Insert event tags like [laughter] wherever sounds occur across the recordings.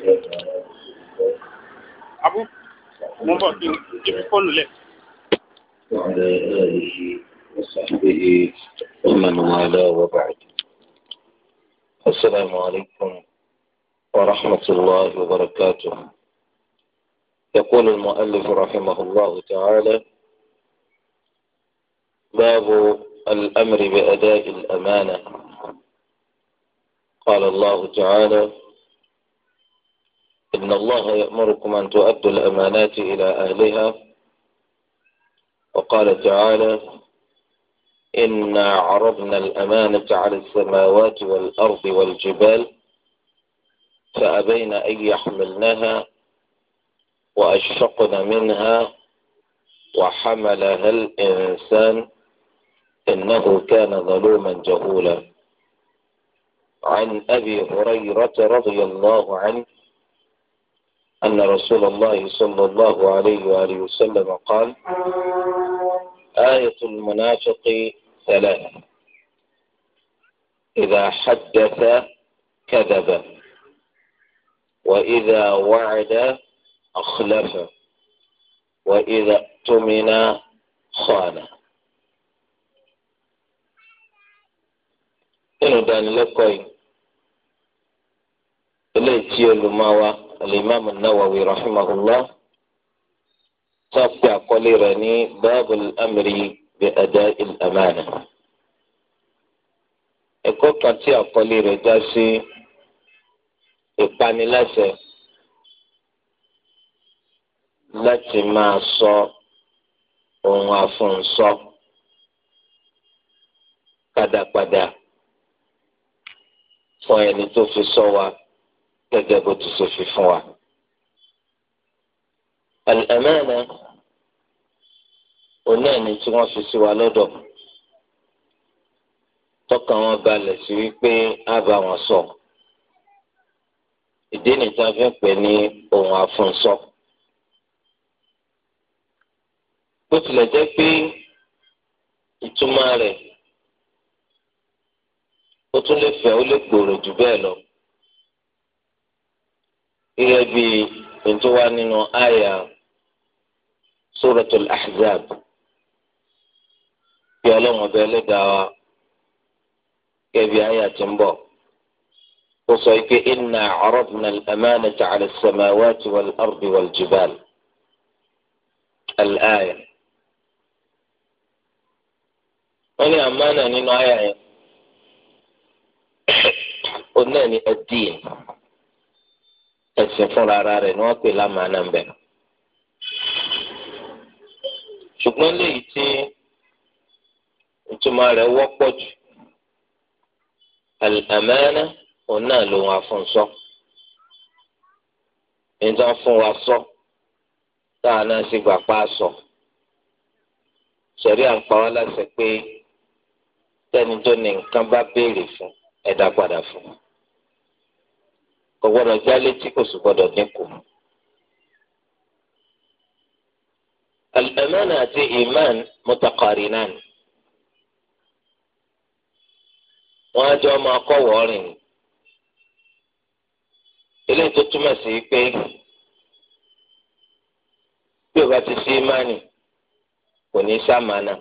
وعلى آله وصحبه ومن والاه وبعد السلام عليكم ورحمة الله وبركاته يقول المؤلف رحمه الله تعالى باب الأمر بأداء الأمانة قال الله تعالى إن الله يأمركم أن تؤدوا الأمانات إلى أهلها وقال تعالى إنا عرضنا الأمانة على السماوات والأرض والجبال فأبين أن يحملنها وأشفقن منها وحملها الإنسان إنه كان ظلوما جهولا عن أبي هريرة رضي الله عنه أن رسول الله صلى الله عليه وآله وسلم قال آية المنافق ثلاثة إذا حدث كذب وإذا وعد أخلف وإذا اؤتمن خان إنه دان لكوي ما تيولو الإمام النووي رحمه الله تابع قولي رني باب الأمر بأداء الأمانة ẹ̀kọ́ kan tí àkọlé rẹ̀ dá sí ìpaniláṣẹ láti máa sọ ohun àfúnsọ padàpadà fún ẹni tó fi sọ wa gẹ́gẹ́ bó ti ṣe fi fún wa. Al-amana òun náà ni tí wọ́n fi sí wa lọ́dọ̀ tọkàn wọn balẹ̀ sí wípé á bá wọn sọ ìdí nìkan fi ń pè ní ohun àfúnsọ. bó tilẹ̀ jẹ́ pé ìtumọ̀ rẹ̀ ó tún lè fẹ̀ ó lè gbòòrò jù bẹ́ẹ̀ lọ. gẹ́gẹ́ bí ètò wa nínú àyà suratul ahzab bí ọlọ́run ọbẹ̀ ẹlẹ́dàá wa gẹ́gẹ́ bí àyà ti ń bọ̀. وصيك إنا عرضنا الأمانة على السماوات والأرض والجبال الآية أنا أمانة نينو آية قلنا الدين ẹ̀sìn fúnra ara rẹ̀ ni wọ́n pè lámàánà ń bẹ̀. ṣùgbọ́n léyìí tí ìtumọ̀ rẹ̀ wọ́pọ̀ jù àmàánà òun náà ló wọn afúnṣọ́ níta fún wa sọ táà náà sì gbà pa á sọ sẹ̀rí à ń pé tẹ́ni tó ní nǹkan bá béèrè fún ẹ̀dá padà fún un kò gbọdọ̀ já létí kò sì gbọdọ̀ dínkù. al-amana àti iman mutaqarinan wọn á jọ máa kọ wọrin eléyìí tó túmọ̀ sí pé bí o bá ti sí imani kò ní sàmánà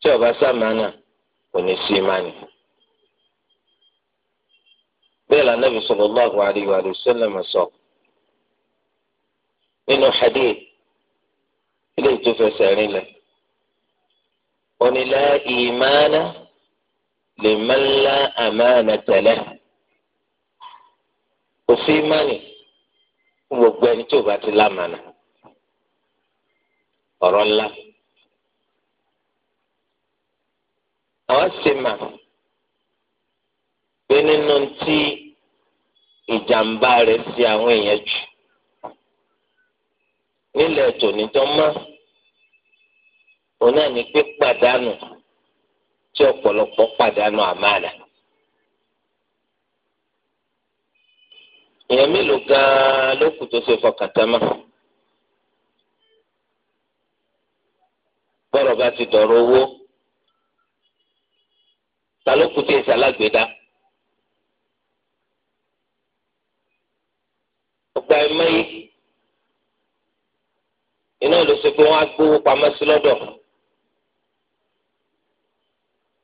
tí o bá sàmánà kò ní sí imani bẹ́ẹ̀ la nàbì sallallahu alayhi wa sallam sọ nínú hadith ilé ìtòfẹsẹ̀ rinlẹ̀ onílà ìmánà liman la amanata lahu òfin ìmánì fún gbogbo ẹni tí ò bá ti lámànà ọ̀rọ̀ ńlá àwọn sì máa pé nínú tí ìjàmbá rẹ̀ sí àwọn èèyàn jù nílẹ̀ tòní tó mọ́ òun náà ní pé pàdánù tí ọ̀pọ̀lọpọ̀ pàdánù àmàlà. èèyàn mélòó gan-an ló kù tó ṣe fọkàntánmọ́. bọ́rọ̀ bá ti dọ̀rọ̀ owó ta ló kù tí èsì alágbèédá. mẹ́yì iná ló ṣe pé wọ́n á gbówó pamọ́ sí lọ́dọ̀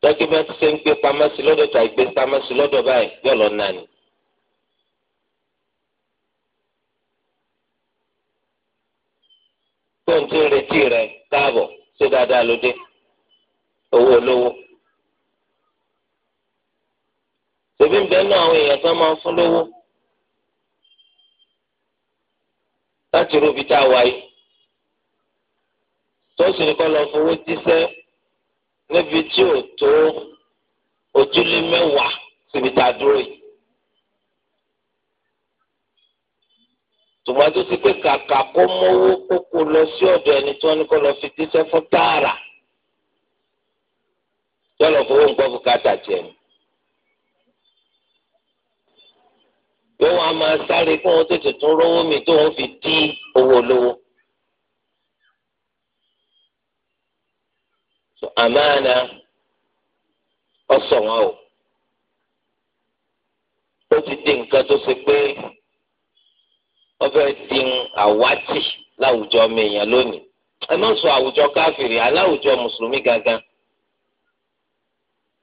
dọ́kímẹ́ntì ṣe ń gbé pamọ́ sí lọ́dọ̀ tàbí gbé pamọ́ sí lọ́dọ̀ báyìí yọ̀ lọ́ọ́ nani. tó ń tún retí rẹ káàbọ̀ ṣé dáadáa ló dé owó olówó. ṣèbí ń bẹ́ẹ̀ náà àwọn èèyàn kan máa ń fún lówó. láti rúbi tá a wáyé tó sì ní kọ́ lọ fowó jíṣẹ́ níbi tí ò tó ojúlé mẹ́wàá síbi tá a dúró yìí. tòmátò sí pé kàkà kó mówó kókó lọ sí ọ̀dọ̀ ẹni tí wọ́n ní kọ́ lọ fi jíṣẹ́ fún tààrà yọ fowó nǹkan fún káàtà tiẹ̀ ni. yóò wá máa sáré kí wọ́n tètè tún rówó mi tó wọ́n fi dí owó lówó. so àmàna ọ̀sọ̀ wọn o ó ti di nǹkan tó ṣe pé wọ́n fẹ́ di àwátì láwùjọ ọmọ èèyàn lónìí ẹ má sọ àwùjọ káfìrí aláwùjọ mùsùlùmí gangan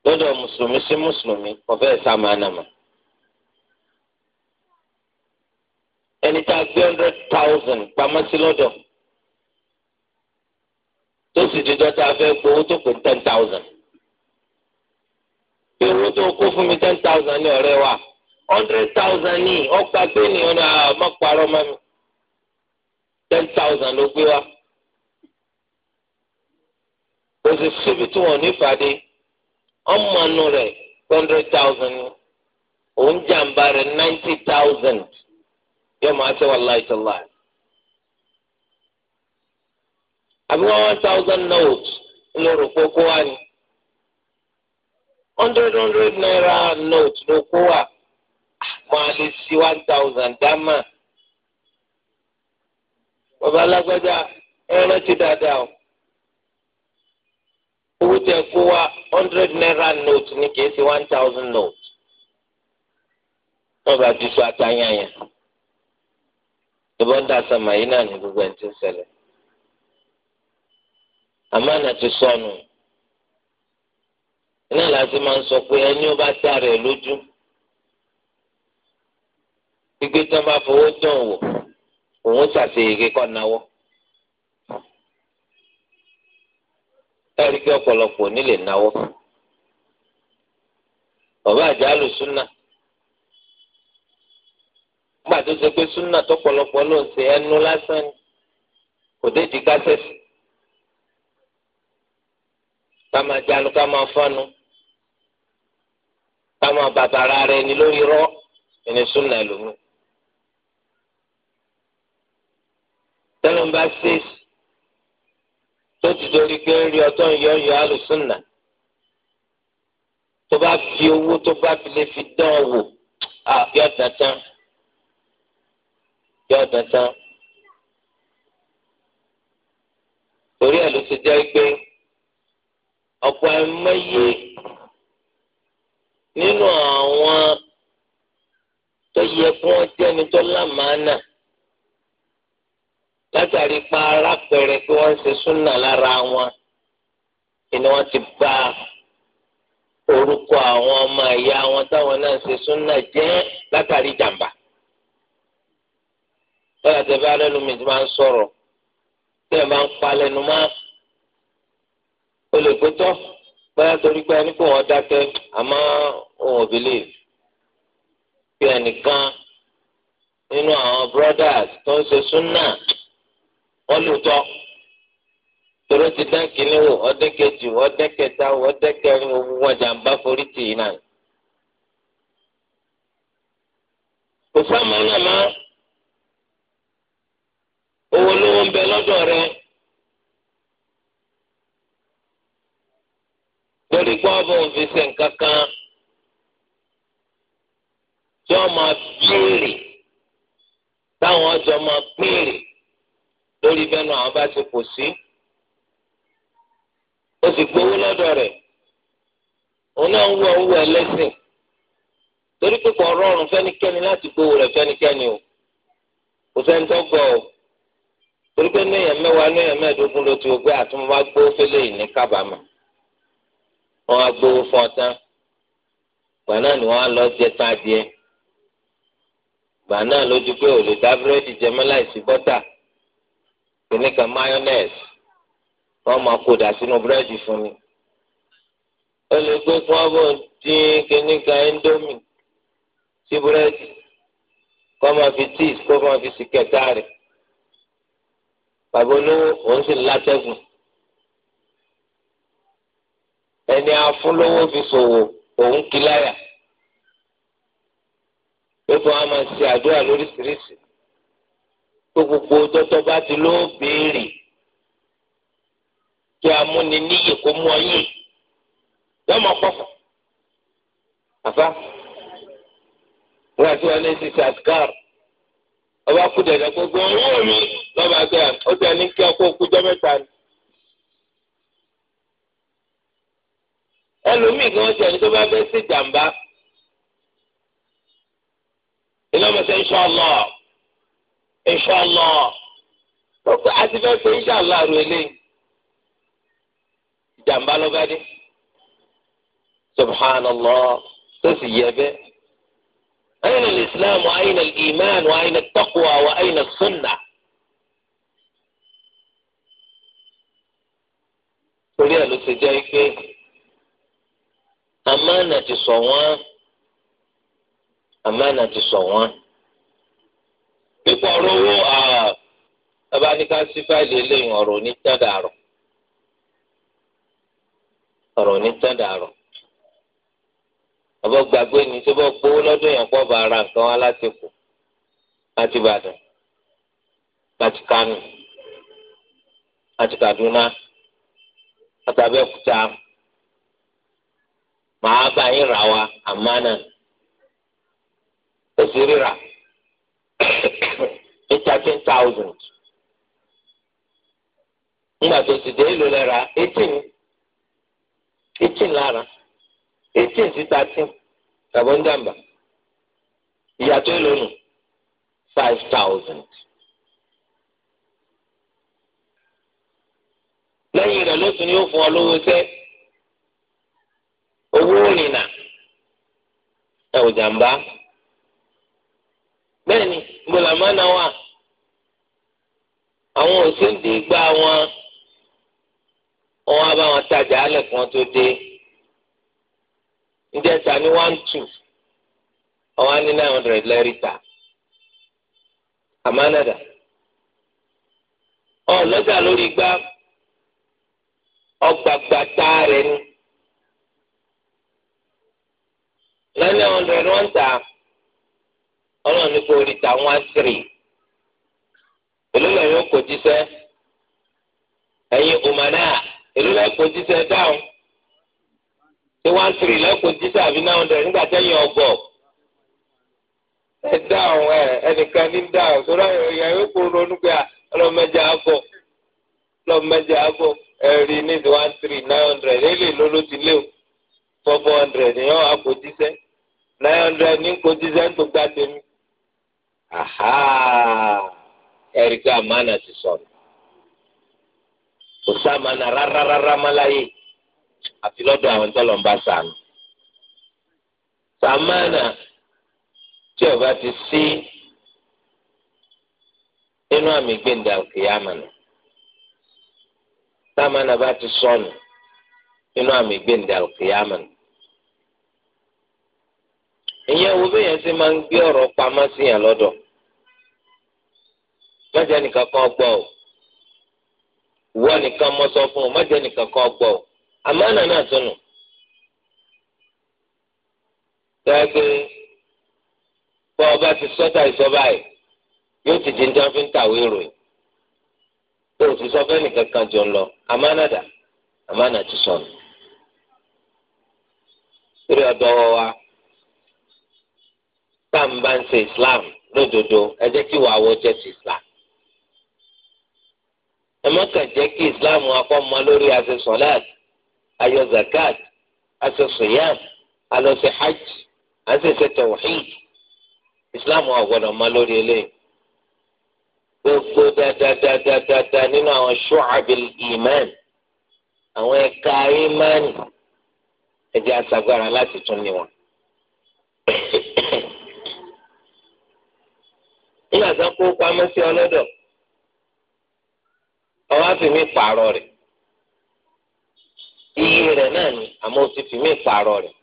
lọdọ mùsùlùmí sí mùsùlùmí kò fẹ́ sá màánà mà. ẹni tá a gbé hundred thousand pamọ́ sí lọ́dọ̀ tó sì di dọ́ta fẹ́ gbowó tó pé ten thousand pé owó tó kó fún mi ten thousand ní ọ̀rẹ́ wa hundred thousand ní ọgbà gbé ní ọ̀nà àmọ́pàrọ̀ mọ́ mi ten thousand ló gbé wa kò sì síbi tí wọn ò ọmọ àánú rẹ̀ hundred thousand òun jàǹbá rẹ̀ ninety thousand yóò máa ṣe wàhálà ìtọ́lá. àbí wọ́n one thousand note ló rò pé kó wà ní. hundred hundred naira note ló kó wà máa lè sí one thousand dámà. bàbá alágbájá ẹ rántí dáadáa o owó tẹ kó wá hundred naira note ní kìí ṣe one thousand note. wọ́n bá ti sọ àtàyàn yẹn. ìbọn dà sàmà yìí náà ní gbogbo ẹ̀ ti ń ṣẹlẹ̀ àmàna ti sọnù iná sọ pé ẹni ó bá dára lójú gbígbé tí bá fowó dán wò òun ṣàṣeyege kọ náwó ẹrí ọpọlọpọ nílé náwó bàbá àjálù súnà gbà tó sọ pé súnà tọpọlọpọ ló ń ṣe ẹnu lásán ni kò dé di gásẹsì ká máa jánu ká máa fọnu ká máa bàtà ara rẹ ni lórí rọ ẹni súnà ẹlòmíì. tẹ́lẹ̀ ń bá ṣe tó ti dorí pé ń rí ọtọ́ ń alùsùnà tó bá fi owó tó bá fi lè fi dán wò yọ̀ dandan yọ ọ̀dàn tán. torí ẹ̀ ló ti jẹ́ pé ọ̀pọ̀ ẹ̀mẹ́yẹ nínú àwọn tó yẹ fún ọjọ́ ẹni tó lámàánà látàrí pa arápẹrẹ pé wọ́n ń ṣe súnà lára wọn ni wọ́n ti bá orúkọ àwọn ọmọ ẹ̀yà wọn táwọn náà ń ṣe súnà jẹ́ látàrí jàǹbá báyà tẹ bá lẹ́nu mi ti máa ń sọ̀rọ̀ tẹ ẹ máa ń pa lẹ́nu máa o lè pé báyà torí pé ẹni kò wọ́n dákẹ́ àmọ́ òun ò believe bí ẹnìkan nínú àwọn brothers tó ń ṣe súnà wọ́n lò tọ́ tòró ti dá kínní wò ọdẹ kejì ọdẹ kẹta ọdẹ kẹrin owó wọn jàǹbá forí tì í náà kò sáà máa máa owó lówó ń bẹ lọ́dọ̀ rẹ lórí pé ọba òfin ṣe nǹkan kan tí wọ́n máa béèrè táwọn ọjọ́ máa béèrè lórí bẹ́ẹ̀ náà àwọn bá ti kò sí ó sì gbowó lọ́dọ̀ rẹ̀ òun náà ń wọ owó ẹlẹ́sìn torí pé kò rọrùn fẹ́nikẹ́ni láti gbowó rẹ̀ fẹ́nikẹ́ni o kò sẹ́ni tó gbọ́ o torí pé ní èèyàn mẹ́wàá ní èèyàn mẹ́ẹ̀ẹ́dógún ló ti gbé àtúnwá gbó fẹ́lẹ́ yìí ní kábàámọ̀ wọ́n á gbowó fún ọ tán gbà náà ni wọ́n á lọ jẹ tán adìẹ gbà náà lójú pé ò lè dá búrẹ́dì jẹ mọ́ láìsí bọ́tà kìnnìkan mayonnaise wọ́n máa kó dà sínú búrẹ́dì fún mi ó lè gbé fún ọ bò dín kìnnìkan indomie sí búrẹ́dì kó máa fi tíì kó máa fi sí kẹta rẹ̀ bàbá olówó òun sì látẹ́gùn ẹni afúnlówó fi ṣòwò òun kí láyà pé kó a máa ṣe àdúrà lóríṣiríṣi tó gbogbo tọ́tọ́ bá ti ló béèrè kí amúni níyì kó mú ọyẹ yọ máa pọ̀fọ̀ àfa wọn àti wọn ní sísè àtikárù. ọba kú dẹ̀dẹ̀ gbogbo owó mi lọ́ba gbé à ó tẹ̀ ní kí ọkọ̀ ni. ẹlòmíì gan ọjà ní tó bá sí iná gbogbo àti eléyìí lọba dé subhanallah tó sì yẹ أين الإسلام وأين الإيمان وأين التقوى وأين السنة torí ẹ̀ ló ṣe jẹ́ pé amánà ti sọ wọ́n amánà ti sọ wọ́n pípọ̀ ọ̀rọ̀ owó bàbá ní ká sí fáìlì eléyìí ọ̀rọ̀ onítàdàrọ̀ ọ̀rọ̀ onítàdàrọ̀ ọbọ gbàgbé ni tó bọ gbowó lọ́dún yẹn kọ bá ara nǹkan wá láti kù láti Ìbàdàn láti Kánò láti Kaduna láti Abẹ́òkúta màá bá yín rà wá àmánà thirteen eighteen sí thirteen tàbọ̀ ń jàǹbá ìyàtọ̀ ìlónù five thousand. lẹ́yìn rẹ̀ ló tún yóò fún ọ lówó sẹ́ owó rìnnà ẹ ò jàǹbá bẹ́ẹ̀ ni mọ̀làmánà wà àwọn òsèǹdè gba wọn wọn á bá wọn tajà á lẹ̀kùn tó dé. ìjẹta ní one two ọwa ní nine hundred lẹ́rìtà ọlọ́jà lórí gbá ọgbàgbà tá a rẹ̀ ni nine hundred ọlọ́run ní kò one three èló lẹ́yìn ṣé one three lẹ́kùn títà àbí nine hundred nígbà tẹ́yìn ọgọ́ ẹ dáhùn ẹ ẹnìkan ní dáhùn sọ́dọ̀ ìyá yóò kó ronú pé ọlọ́mọdé àgọ́ ọlọ́mọdé àgọ́ ẹ̀rí ní the one three nine hundred èlé ló ló ti léwu four four hundred ni wọ́n á kó jíṣẹ́ nine hundred ní kó jíṣẹ́ ń tó gbá tèmi aha ẹ̀rí ká àmàna ti sọ̀rọ̀ kò sá àmàna rárá rárá má láyé àfi lọ́dọ̀ àwọn tọ́lọ̀ ń bá sànù. sàmánà tí ọba ti sí nínú àmì gbẹ̀ǹdà kìyàmánà sàmánà bá ti sọnù nínú àmì gbẹ̀ǹdà kìyàmánà. ìyẹn wo bẹ́ẹ̀ yẹn ṣe máa ń gbé ọ̀rọ̀ pamọ́ sí yẹn lọ́dọ̀ mọ́jẹ́ nìkan kan gbọ́ ò wọ́n nìkan mọ́ sọ fún un mọ́jẹ́ nìkan kan gbọ́ ò. àmánà náà sọnù gbẹgbẹ bọ ọba ti sọta ìsọba yìí yóò ti di njẹ́ fi tàwé tó o ti sọ fẹ́ nìkan kan jọ lọ àmánà dà àmánà ti lórí wa tá Islam lódodo ẹ jẹ́ kí wàá ti Islam ẹ je kàn Islam akọ́ mọ lórí àṣẹ sọ̀láàtì. ayọ zakat aṣọ siyam alọsẹ hajj aṣẹṣẹ tawhid islam ọgbọdọ ma lórí eléyìí gbogbo dadadadada nínú àwọn ṣọ́ọ̀bìl iman àwọn ẹ̀ka imani ẹ̀jẹ̀ aṣàgbára láti tún ní wọn. nígbà tó kó pamọ́ sí ọlọ́dọ̀ ọwọ́ àfi mi pààrọ̀ rẹ̀. iye rẹ náà ni àmọ́ o ti fi mí pààrọ̀ rẹ̀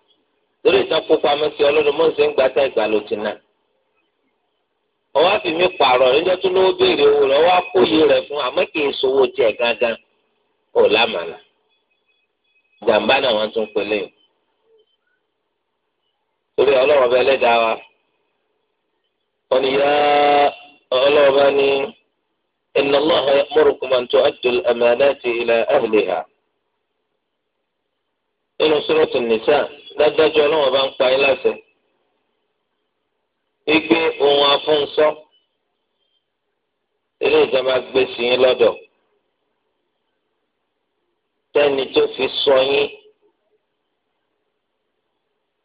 lórí ìtàn pupa mẹsì ọlọ́dún mọ́sẹ̀ ń gbàtà ìgbà ló ti nà fi mí tó lówó béèrè owó rẹ ọwọ́ kó iye rẹ fún àmọ́ kì í sowó tiẹ̀ gángan kò lámàlà jàǹbá náà tún pélé o torí wa yá bá ní nínú sọ́rọ́tù nìṣà dájọ́ ọlọ́wọ́n bá ń pa yín láṣẹ. wípé ohun afúnṣọ́ ilé ìjọba gbé sí yín lọ́dọ̀ tẹ́ni tó fi sọ yín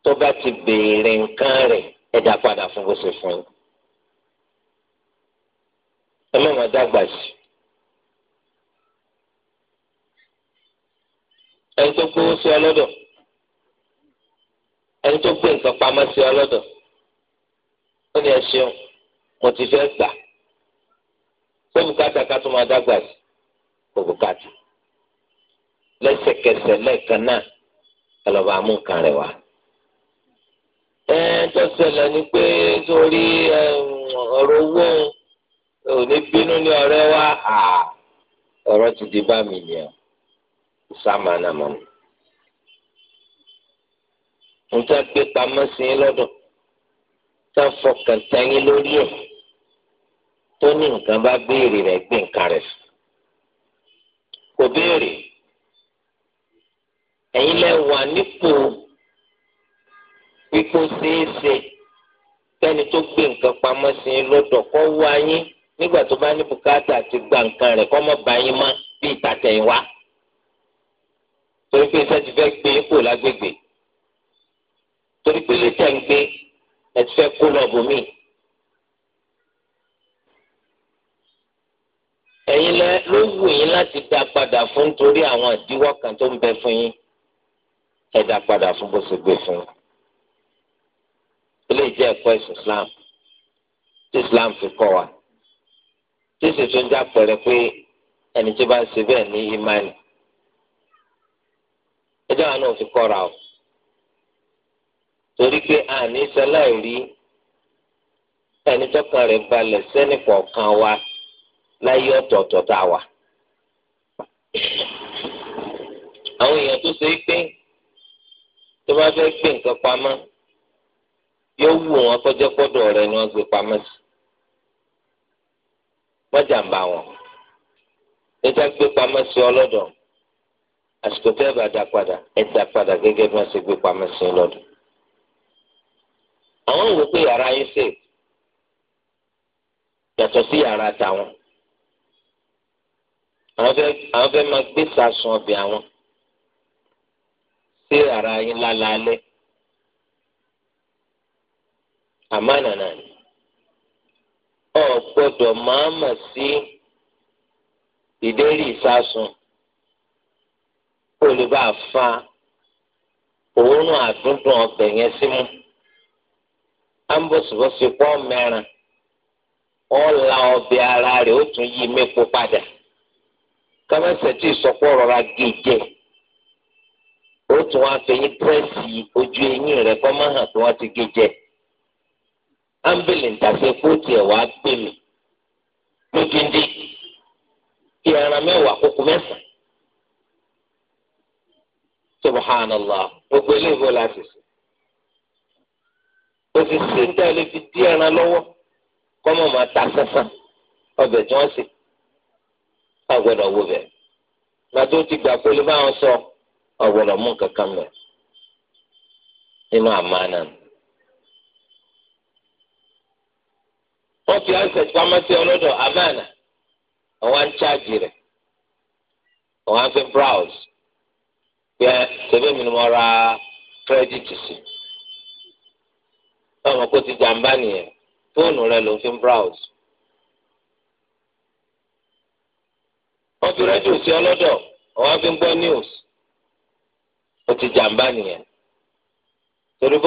tó bá ti béèrè nǹkan rẹ̀ ẹ dá padà fún bó ṣe fún yín. ẹ má má dàgbà sí i. ẹni tó gbówó sí ọ lọ́dọ̀ ẹni tó gbé nǹkan pamọ́ sí ọ lọ́dọ̀ ó ní ẹ ṣeun mo ti fẹ́ gbà ṣé bùkátà ká tó máa dágbà sí kò bùkátà lẹ́sẹ̀kẹsẹ̀ lẹ́ẹ̀kan náà ẹ lọ́ọ́ rẹ̀ wá. ẹ tó ṣẹlẹ̀ ni pé torí ọ̀rọ̀ owó òní bínú ní ọ̀rẹ́ wa ọ̀rọ̀ ti di bá mi nìyẹn. Usama náà mọ̀ mọ́. mo tẹ́ gbé pamọ́ sí i lọ́dọ̀ tá a fọkàn tẹ́yìn lórí ẹ̀ tó ní nǹkan bá béèrè rẹ̀ gbé nǹkan rẹ̀ sùn. kò béèrè ẹ̀yin lẹ wà nípò pípò ṣeéṣe kẹ́ni tó gbé nǹkan pamọ́ sí i lọ́dọ̀ kọ́ wá yín nígbà tó bá ní bùkátà ti gba nǹkan rẹ̀ kọ́ mọ́ bá yín mọ́ bí ìtàtẹ̀yìn wá torí pé iṣẹ́ ti fẹ́ gbé kó lágbègbè torí pé ilé tẹ̀ ń gbé ẹ ti fẹ́ kó lọ́ọ̀bù mi. ẹ̀yin lẹ ló wù yín láti dá padà fún torí àwọn àdíwọ́ kan tó ń bẹ fún yín ẹ dá padà fún bó ṣe gbé fún yín. ilé ìjẹ́ ẹ̀kọ́ ẹ̀sìn Islam tí Islam fi kọ́ wa tí sì tún já pẹ̀rẹ̀ pé ẹni tó bá ṣe bẹ́ẹ̀ ní ìmánì. ẹjọ́ àánú ti kọ́ra o torí pé àní sẹ́láì ẹni tọ́kàn rẹ̀ balẹ̀ wa láyé ọ̀tọ̀ọ̀tọ̀ tá a wà. àwọn èèyàn tó ṣe é pé tó bá fẹ́ gbé nǹkan pamọ́ yóò wù wọn kọjá pọ́dọ̀ rẹ ni wọ́n gbé pamọ́ sí wọ́n jàǹbá àsìkò tẹ́ ẹ bá dá padà ẹ dá padà gẹ́gẹ́ bí wọ́n ṣe gbé pamọ́ sí lọ́dọ̀. àwọn wò pé yàrá yín sè yàtọ̀ sí yàrá tàwọn àwọn fẹ́ máa gbé sàsùn ọbẹ̀ àwọn sí yàrá yín lálaalẹ́ àmánà náà ni ọ̀ gbọ́dọ̀ máa mà sí ìdérí ìsásùn. kó lè fa òórùn àdúndùn ọbẹ̀ yẹn sí mu á ń bọ̀sibọ̀si pọ́ la ara rẹ̀ ó tún yí mépo padà kámẹ́sẹ̀ tí rọra gé ó tún wá fẹ̀yìn ha ojú ti gé ambili ámbìlì ń tàṣe mi kí kókó subhanallah gbogbo eléyìí sè o ti sè lè fi máa ta ọbẹ̀ tí wọ́n sè ọ gbọ́dọ̀ wo bẹ̀ gbàtó ti gbà pé sọ ọ̀gbọ́dọ̀ mú nǹkan mẹ́ nínú àmàna wọ́n fi ọlọ́dọ̀ àmàna ń chájì rẹ̀ pé ṣebí mi ni mo ra kírẹ́dìtì sí náà mo kó ti jàǹbá nìyẹn fóònù rẹ ló fi browse. wọ́n fi rẹ́díò sí ọlọ́dọ̀ wọ́n fi ń gbọ́ news ti nìyẹn torí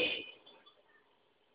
ti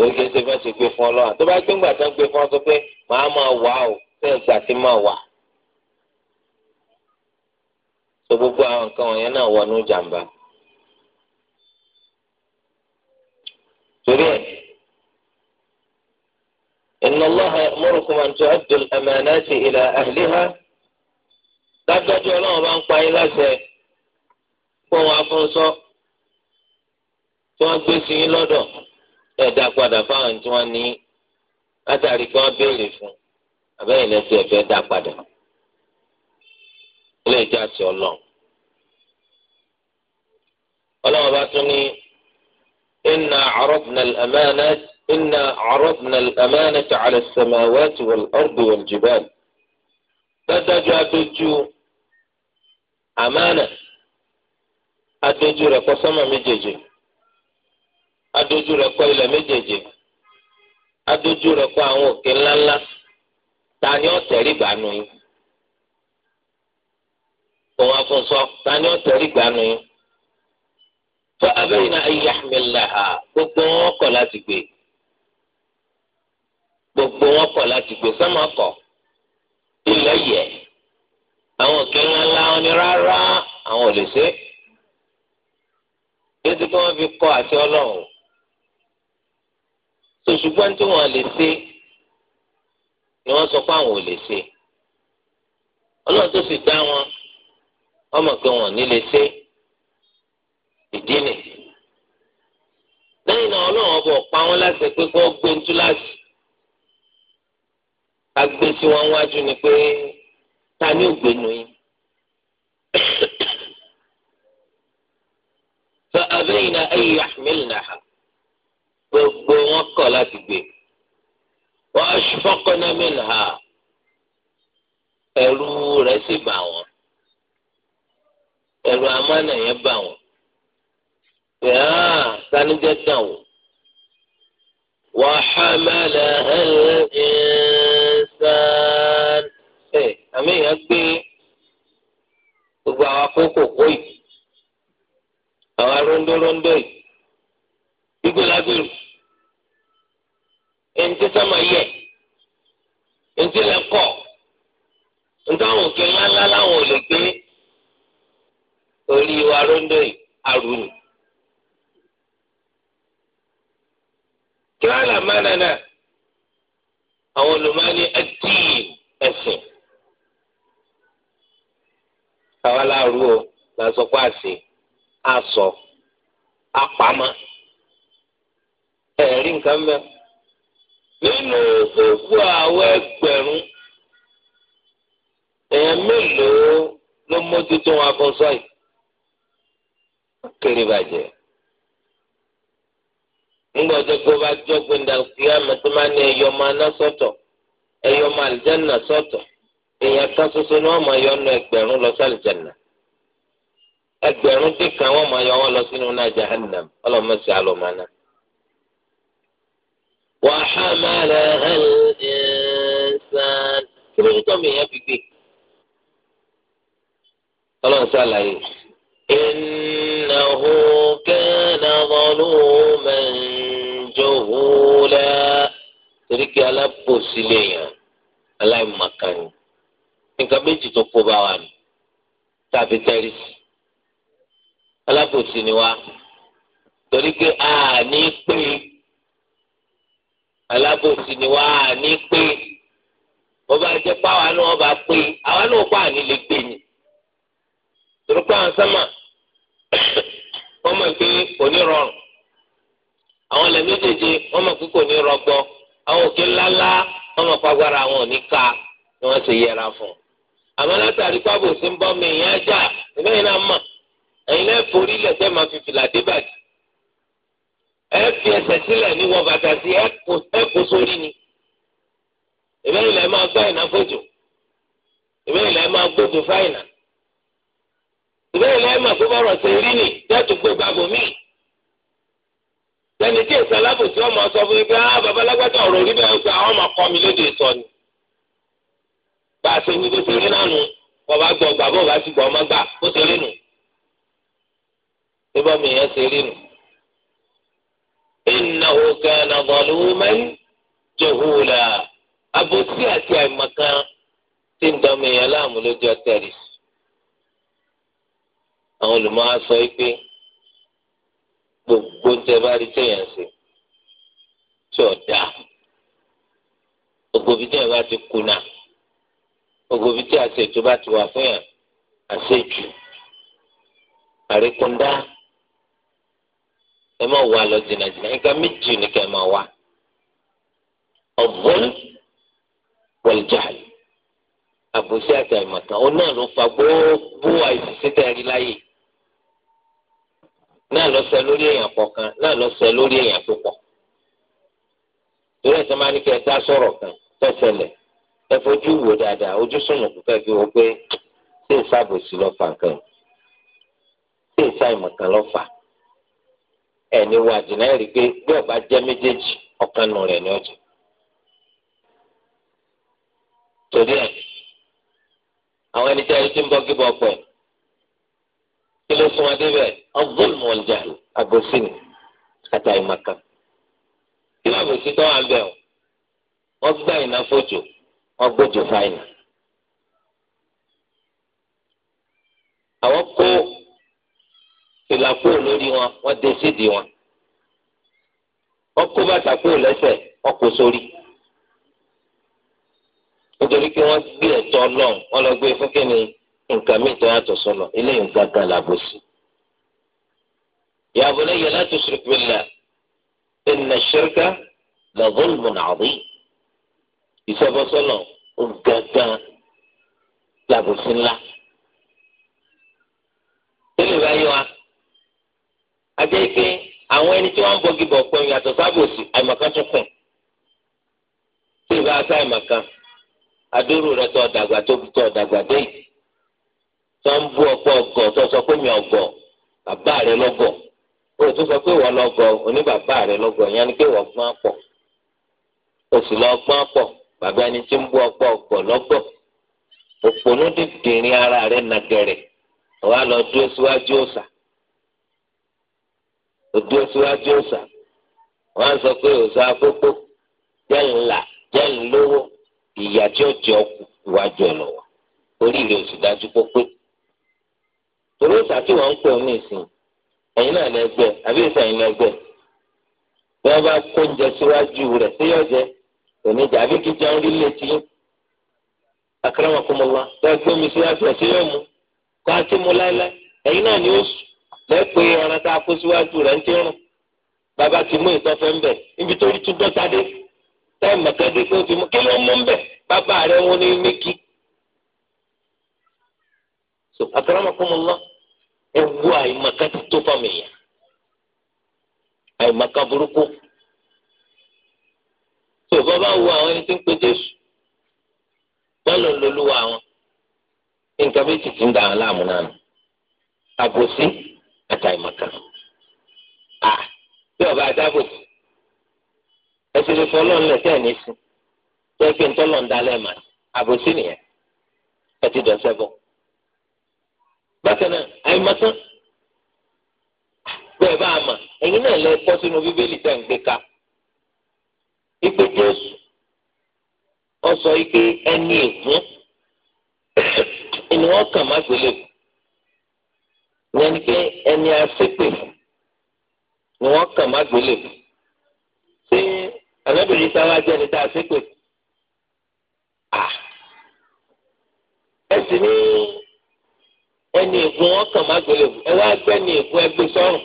oge ṣe fẹ́ ṣe gbé fún ọlọ́run tó bá gbé ńgbà tó ń gbé fún ọ sọ pé màá máa wà ó tẹ́ ẹ gbà sí máa wà. sọ gbogbo àwọn nǹkan wọ̀nyẹn náà wọnú jàǹbá. torí ẹ inna Allaha ya'murukum an tu'addu al-amanati ila ahliha dájọ́jú ọlọ́run bá ń pa yín láṣẹ kó wọn afúnṣọ́ tí wọ́n gbé sí yín lọ́dọ̀ ẹ̀dá padà fáwọn tí wọ́n ní látàrí kí wọ́n béèrè fún abẹ́yìn lẹ́sẹ̀ ẹ̀fẹ́ dá padà ilé ìjà sí ọlọ́run ọlọ́run bá tún ní inna àrọ́bùnà àmánà inna àrọ́bùnà àmánà tàcàlẹ̀ sàmáwáàtì wọ̀l ọ̀rùbù wọ̀l jìbẹ́ẹ̀lì dájú adójú àmánà adójú rẹ̀ kọ́ sọ́mà méjèèjì adójú rẹ̀ kọ ilẹ̀ méjèèjì adójú rẹ̀ kọ àwọn òkè ńláńlá ta ni ó tẹrí gbàánu yín òun afúnṣọ ta ni ó tẹrí gbàánu yín fọ abẹ́yìn náà ayé àmìlà ha gbogbo wọn kọ̀ láti gbé gbogbo wọn kọ̀ láti gbé sọ́mọ kọ̀ ilẹ̀ yẹ̀ àwọn òkè ńláńlá wọn ni rárá àwọn ò lè ṣe é. Yéésù fi kọ́ àti ọlọ́run so ṣùgbọ́n tí wọ́n lè ṣe ni wọ́n sọ pé àwọn ò lè ṣe ọlọ́run tó sì dá wọn wọ́n mọ̀ pé wọ́n ní lè ṣe ìdí nì lẹ́yìn náà ọlọ́run ọbọ̀ pa wọ́n láṣẹ pé kó gbé ntúláṣì ká gbé sí wọn wájú ni pé ta ni ò gbé nu yín. فأبين أن يحملنها gbogbo wọn kọ̀ láti gbé wọn aṣọkànnà mẹ́lá ẹ̀rù rẹ̀ sì bà wọ́n ẹ̀rù amánà yẹn bà wọ́n yàrá sanijẹ́ ah, dàn wò wọ́n hamẹ́lẹ̀ ẹ̀ẹ́sán ẹ̀ àmì yẹn gbé gbogbo àwọn akókò kó yìí àwọn rondórondó yìí gbígbé lábẹ́rù. ẹnití sọmọ yẹ ẹnití lẹ kọ ntọ́wọ̀n òkè ńláńlá láwọn ò lè gbé orí wa yìí kíláà nana àwọn o pé àṣọ ẹ̀rí nǹkan mẹ́rin. nínú ofu àwọn ẹgbẹ̀rún èèyàn mélòó ló mójútó wọn fún sọ́yì kéré bàjẹ́ nígbà tó kó bá jọ gbẹndà kí amẹtọmánì ẹyọ máa ná sọ́tọ̀ ẹyọ máa àlìjáná sọ́tọ̀ èèyàn kan soso ni wọ́n máa yọ ọnu ẹgbẹ̀rún lọ sí àlìjáná ẹgbẹ̀rún dín kan wọ́n máa yọ wọn lọ sínú náà jahannam ọlọmọsí alọmọ وحملها الإنسان kí ló ń tọ́ mi yẹn fi gbé ọlọ́run ṣàlàyé إنه كان ظلوما جهولا torí kí alábòsí lèèyàn aláìmọ̀kan ni nǹkan méjì tó kó bá wa ni tàbí tẹ́rì sí alábòsí ni wa torí pé a ní pé alábòsí ni wàá ní pé bọ́bá jẹ́ páwa ni wọ́n bá pé àwa náà pa àní lè gbé ni torípé àwọn sámà [coughs] wọ́n mọ̀ pé kò ní rọrùn àwọn ilẹ̀ méjèèjì wọ́n mọ̀ pé kò ní rọgbọ àwọn òkè ńláńlá wọ́n mọ̀ pàgbára àwọn ò ní ká ni wọ́n ṣe yẹra fún un àmọ́ látàrí ń bọ́ mi ìyẹn ajá ìbẹ́yìn náà mọ̀ ẹ̀yin náà forí lẹ̀ tẹ́ máa fi fìlà dé ẹ fi ẹsẹ̀ sílẹ̀ ní wọ bàtà sí ẹ kó sórí ni ìbéèrè lẹ máa gbọ́ ìná fòjò ìbéèrè lẹ máa gbójú fáìnà ìbéèrè lẹ máa kó bọ̀rọ̀ sí rí ni jẹ́tù gbé gbàgbọ́ mí lẹ́ni tí èsì alábòsí ọmọ sọ fún mi pé ah babalágbàtà ọ̀rọ̀ orí bẹ́ẹ̀ gba àwọn ọmọ kọ́ mi lóde sọ ni bá a ṣe ní bó ṣe rí nánu bọ́ba gbọ́ gbà bọ́ba ti gbọ́ ọmọ gbà bó ṣe rí nù ṣé mi yẹn ṣe rí nù innahu kana zaluman jahula àbòsí àti àìmọ̀kan tí ń dọ́mọ èèyàn láàmú lójú ọtẹ́rì. àwọn olùmọ̀ á sọ pé gbogbo tẹ bá rí téèyàn sí tí ò dáa gbogbo bí téèyàn bá ti kùnà gbogbo bí tí àṣejù bá ti wà fún yàn àṣejù àríkúndá ẹ má wà lọ jìnnà jìnnà nǹkan méjì ni kẹ́ ẹ má wà ọ̀gbọ́n wọ̀lìjàl àbòsí àti àìmọ̀tàn ó náà ló fa gbogbo àìsísí tẹ̀rí láyè náà lọ sọ lórí èèyàn kọ̀ọ̀kan náà lọ sọ lórí èèyàn tó pọ̀ torí ẹ̀sán máa ní kí ẹ dá sọ̀rọ̀ kan tẹ̀sẹ̀lẹ̀ ẹ fojú wò dáadáa ojú sùnù kúkẹ́ fi wò pé ṣé ìsàbòsí lọ́ọ́ fà kan ṣé ìsàìmọ̀tàn lọ́ọ́ fà ẹni wà jìnnà ẹ rí i pé bí ọba jẹ méjèèjì ọkàn nù rẹ ní ọjọ́ torí ẹ àwọn ẹni tí a yẹ ti ń bọ gíbọ ọpẹ kí ló sún adé bẹ́ẹ̀ ọgọlùmọ ọjà àgọsìn àtàìmàkà kí wọn bò sí tọwọ àbẹ o wọn gbà iná fojò wọn gbójò fáìnà. àwọn kọ àlà kúrò lórí wọn wọ́n dé sídìí wọn wọ́n kó bàtà kúrò lẹ́sẹ̀ wọ́n kó sórí nítorí pé wọ́n gbé ẹ̀tọ́ Ọlọ́run wọ́n lọ gbé fún kíni nǹkan míì tó yàtọ̀ sọlọ eléyìí nǹkan kan làbòsí. ya bunayya la tushrik billah inna ash-shirka ìṣẹ́bọ̀sọ́nà gángan làbòsí ńlá. tẹ́lẹ̀ báyìí wa àjẹ́ pé àwọn ẹni tí wọ́n ń bọ́gi bọ̀ pé yàtọ̀ sábòsì àìmọ̀kan tún kùn tí ìbá aṣá àìmọ̀kan adúrú rẹ tó ọ̀dàgbà tó tó ọ̀dàgbà dé tó ń mi bàbá rẹ lọ́gọ̀ ó tún sọ pé wọ́n lọ́gọ̀ rẹ ìyẹn ni pé lọ bàbá ẹni tí ń bú òpònú ara rẹ lọ dúró síwájú òdu síwájú òòsà wọn á sọ pé òòsà pópó jẹ́ ńlá jẹ́ ńlówó ìyá tí ó jẹ ọkù iwájú ẹ lọ́wọ́ oríire òsì dájú pópé torí òòsà tí wọ́n ń pè ní ìsìn ẹ̀yin náà lẹ́gbẹ́ àbí ìsẹ̀yìn lẹ́gbẹ́ bí wọ́n bá kó oúnjẹ síwájú rẹ̀ sí yọ̀jẹ́ oníjà àbí kíjà ń rí létí akérèmọkùnmọ́lá bí wọ́n gbé omi síwájú ẹ̀ sí yọ̀ kó á ti mu láéláé ẹ̀yin náà ni ó sùn lẹ́pẹ́ ẹran tá a kó síwájú rẹ̀ ń tí rùn bàbá ti mú ìtọ́fẹ́ ń bẹ̀ níbi tó rí tún dọ́ta dé táì mọ̀kẹ́dé pé ó ti mú kí ló mú ń bẹ̀ bàbá rẹ̀ wọn ní mékì. so akramakumullah ewu àìmọ̀ká ti tó fún mi yẹn àìmọ̀ká burúkú tó bàbá wo àwọn ẹni tí ń pe Jésù bọ́ọ̀lù lolúwa àwọn nǹkan méjì ti ń dà wọn láàmú náà àbòsí. àtàyè maka à bí ọba àdábò ẹsẹ̀lẹ̀ fọlọ́n lẹ̀ tẹ̀ ní sí tẹ́kẹ̀ ńtọ́lọ̀ ń dalẹ̀ mà àbòsí nìyẹn ẹ ti dọ̀sẹ̀ bọ̀ bákan náà àyè màkà bí ẹ bá a mà ẹ̀yin náà lẹ kọ́ sínú bíbélì tẹ̀ ń gbé ipe ọ sọ ike ẹni ègún ni wọ́n kàn má ìyẹn ni pé ẹni asépè ni wọ́n kàn má gbélé ṣé ànábìrin sáwá jẹ́ ẹni tá a sépè ẹ sì ní ẹni ègún wọn kàn má gbélé ẹ wá gbé ẹni ègún ẹgbẹ́ sọ́rùn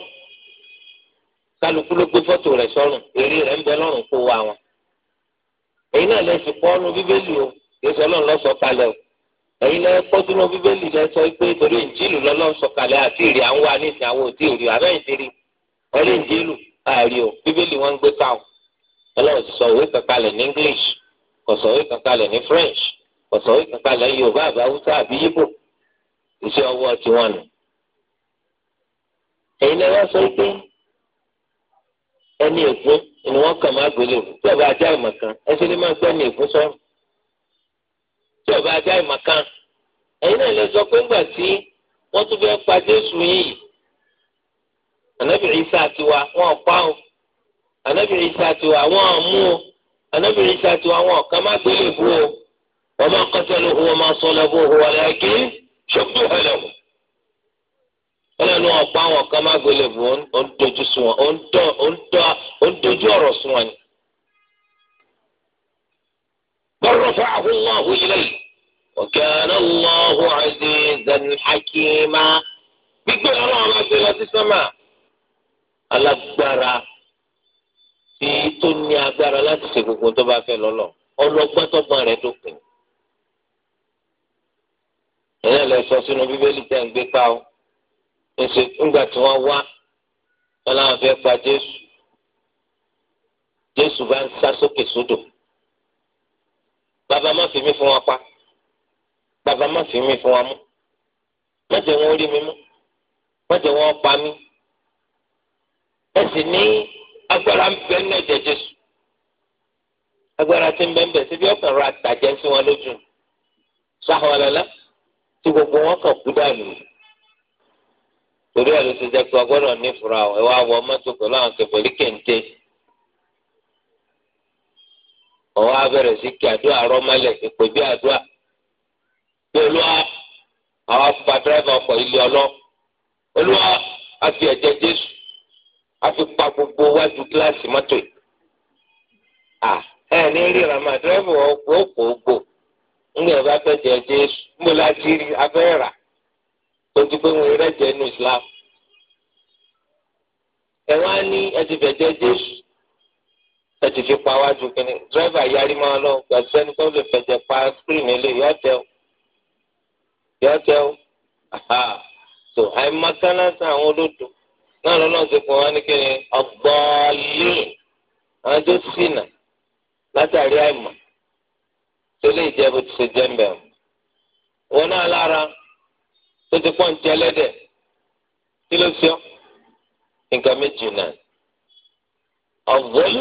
kálukú ló gbé fọ́tò rẹ̀ sọ́rùn eré rẹ̀ ń bẹ lọ́rùn kó wa wọn èyí náà lè fi pọ́nú bíbélì o kì sọ ọlọ́run lọ́sọ̀ọ́ kalẹ̀ o ẹ̀yin lẹ kọ́ sínú bíbélì lẹ sọ pé torí ìjìlù lọ́lọ́run sọ̀kalẹ̀ àti ìrì àwọn wa ní ìsìn àwọn òtí ìrì àbẹ́yìn ti rí ọlẹ́ ìjìlù àárí o bíbélì wọn ń gbé ká o sọ òwe kankalẹ̀ ní English kò sọ òwe kankalẹ̀ ní French kò sọ òwe kankalẹ̀ Yorùbá àbí Haúsá àbí Yíbò iṣẹ́ ọwọ́ tiwọn nù. ẹ̀yin lẹ wá sọ pé ẹni ègún ni wọ́n kàn má gbélé o tí ọba ajá ìmọ̀ kan ẹ tí ọba ajá ìmọ̀kan ẹ̀yin náà lè sọ pé ńgbà tí wọ́n tún fẹ́ pa Jésù yìí ànábì Ìsá tiwa wọn pa o ànábì Ìsá tiwa wọn mú o ànábì Ìsá tiwa wọn kàn má gbélé bu o wọn máa kọsẹ̀ ló hu wọn máa sọ lọ bó wọn lọ kí ṣọ́bù hẹlẹ̀ wọn lẹnu ọ̀pá wọn kàn má gbélé bu o ń dojú sun wọn o ń dojú ọ̀rọ̀ sun wọn ni. bọ́rọ̀ wọn àhùn وكان الله عزيزا حكيما gbígbé ọlọ́run bá gbé lọ sí sánmà alágbára tí tó ní agbára láti ṣe gbogbo tó bá fẹ́ lọ́lọ́ ọlọ́gbọ́n tọ́gbọ́n rẹ̀ dópin. ìyẹn lè sọ sínú bíbélì tẹ̀ ń gbé pa ó ṣe ńgbà tí wọ́n wá wọn làwọn fẹ́ pa jésù jésù bá ń sá sókè sódò bàbá má fi mí fún wọn pa bàbá má fi mí fún wa mú má jẹ́ wọn rí mi mú má jẹ́ wọn pa mí ẹ sì ní agbára ń bẹ ní ẹ̀jẹ̀ Jésù agbára ti ń bẹ ń bẹ síbi ọkàn rà tàjẹ́ sí wọn lójú sáwọn ọlọlá tí gbogbo wọn kàn kú dànù torí ẹ̀ ti jẹ́ pé ọgbọ́dọ̀ nífura ẹ wá wọ mọ́tò pẹ̀lú àwọn kẹfẹẹrí kẹńté ọwọ́ abẹ̀rẹ̀ sí kí àdúrà rọmọlẹ ìpè bí àdúrà pé olúwa àwọn àgbà dírẹ́fà ọkọ̀ ilé ọlọ́ olúwa a fi ẹ̀jẹ̀ jésù a fi pa gbogbo wájú kíláàsì mọ́tò yìí à ẹ̀ ní ríra mà dírẹ́fà ọkọ̀ òkò ògbò ńgbà ẹ̀ bá fẹ́ jẹ jésù mo la ti rí abẹ́ rà tó pé wọn rẹ̀ jẹ́ nu islam ẹ̀ wá ní ẹ ti bẹ̀jẹ̀ jésù ẹ ti fi pa wájú kínní dírẹ́fà yarí máa lọ gbàdúrà ní kó lè fẹ̀jẹ̀ pa skrin ilé yọ̀ọ́ tẹ́ yọtẹ o so àìmọkànlá sí àwọn olódò náà lọ́nà ti pọ̀ wọ́n ní kí ni ọgbọ́ọ̀lì àwọn tó ṣìnà látàrí àìmọ̀ tó lè jẹ́ bó ti ṣe jẹ́ mbẹ́ o wọn náà lára tó ti pọ̀ ń jẹ lẹ́dẹ̀ kí ló fi ọ́ nǹkan méjì náà ọ̀gbọ́n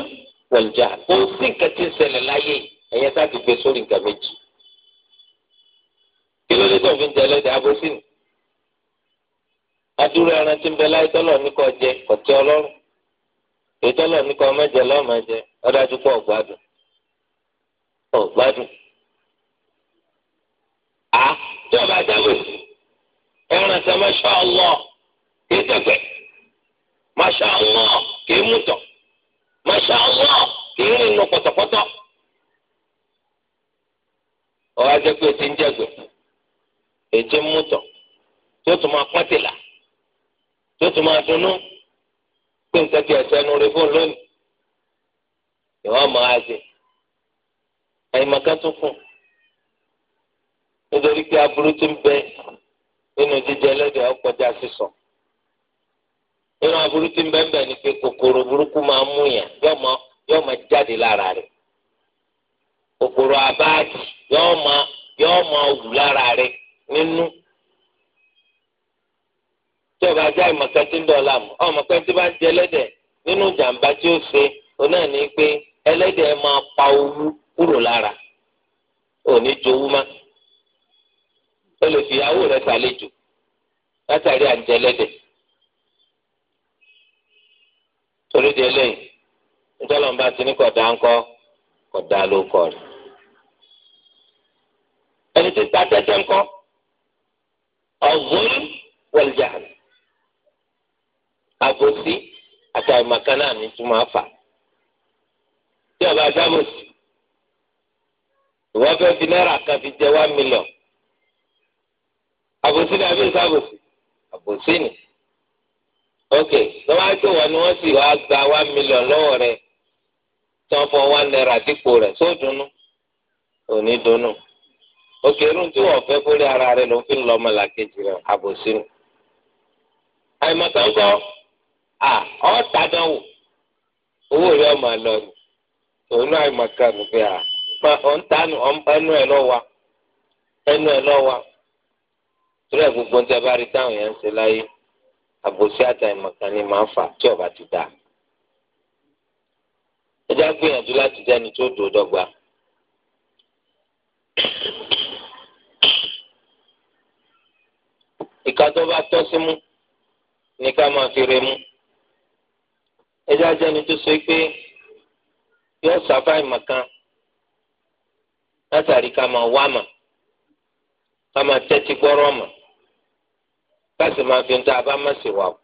wọ̀lùjà kó sí nǹkan tí ń ṣẹlẹ̀ láyé ẹ̀yẹ sáà ti gbé sórí nǹkan méjì. ló dé tó fi ń jẹ ẹlẹ́dẹ̀ abosí ni ẹran tí ń bẹ láyé tọ́lọ̀ jẹ kò ọlọ́run èyí tọ́lọ̀ ní mẹ́jẹ lọ́mọ̀jẹ gbádùn ẹran tẹ masha Allah kìí tẹ̀gbẹ́ masha Allah masha Allah rìn nù pọ̀tọ̀pọ̀tọ̀ ti ètí mútọ̀ tí ó tún máa pọ́n tìlà tí ó tún máa dunnú pé nǹkan ti ẹ̀sẹ̀ ẹnu rẹ fún lónìí ìwọ máa ṣe àyìnbọ̀ká tún kù nítorí pé aburú ti ń bẹ nínú jíjẹ ẹlẹ́dẹ̀ ọ̀pọ̀já sísọ nínú aburú ti ń bẹ ń ni pé kòkòrò burúkú máa mú yàn yóò máa jáde lára rẹ̀ kòkòrò yóò máa wù lára nínú tí ọba ajá ìmọ̀ká ti ń dọ̀la mọ̀ tí jẹ ẹlẹ́dẹ̀ nínú jàǹbá tí ó ṣe òun ní pé ẹlẹ́dẹ̀ pa owó kúrò lára òní jowú má o lè fi ìyàwó rẹ̀ ṣàlejò látàrí àǹjẹ ẹlẹ́dẹ̀ torí di eléyìí ti ní kọ̀dá ńkọ́ kọ̀dá ló kọ̀ ọ̀gbọ́n wọ̀lìjà àbòsí àti àìmọ̀kan náà ní tún máa fà tí ọba sábòsí ìwọ fẹ́ fi náírà kan fi jẹ one million àbòsí ni àbí sábòsí àbòsí ni ok lọ́wọ́ àti wọn ni wọ́n sì wá gba one million lọ́wọ́ rẹ̀ tí wọ́n fọ one naira dípò rẹ̀ sódùnú òní dùnú. òkèrún tí wọn fẹ́ fórí ara rẹ ló fi ń lọ ọmọ làkejì rẹ àbòsí rẹ àìmọ̀tọ́ńkọ́ à ọ̀tàdánwò owó rẹ ọmọ àlọ ni òun náà àìmọ̀kànù pé à ọ̀ntànù ẹnu ẹ̀ lọ́wọ́ ẹnu ẹ̀ lọ́wọ́ torí ẹ̀ gbogbo ní abárí táwọn yẹn ń ṣe láyé àbòsí àtàìmọ̀kàn ni máa fà tí ọba ti dá ẹjá gbìyànjú láti ìka tó bá tọ́ sí mú ní ká máa fi re mú ẹjọ́ ajẹ́ni tó sọ pé yóò sáfà ìmọ̀kan látàrí ká máa wá mà ká máa tẹ́tí gbọ́rọ̀ mà ká sì máa fi ń dá a bá má sì wà o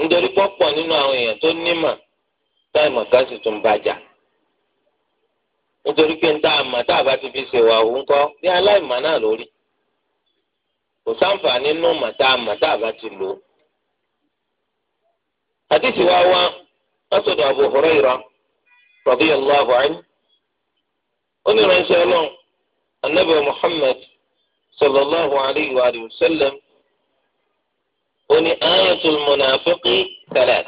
nítorí pọ́pọ̀ nínú àwọn èèyàn tó nímọ̀ tá ìmọ̀kan sì tún bàjá nítorí pé ń tá a tá a bá ti fi ṣèwà òun kọ́ bí aláìmọ̀ náà lórí kò sáǹfà nínú màtá màtá àbá ti lò ó. àdìsí wa wá látọ̀dọ̀ Abu Hurairah radiyallahu anhu onírànṣẹ́ ọlọ́run anabi Muhammad sallallahu alayhi wa sallam oní ayatul munafiqi thalat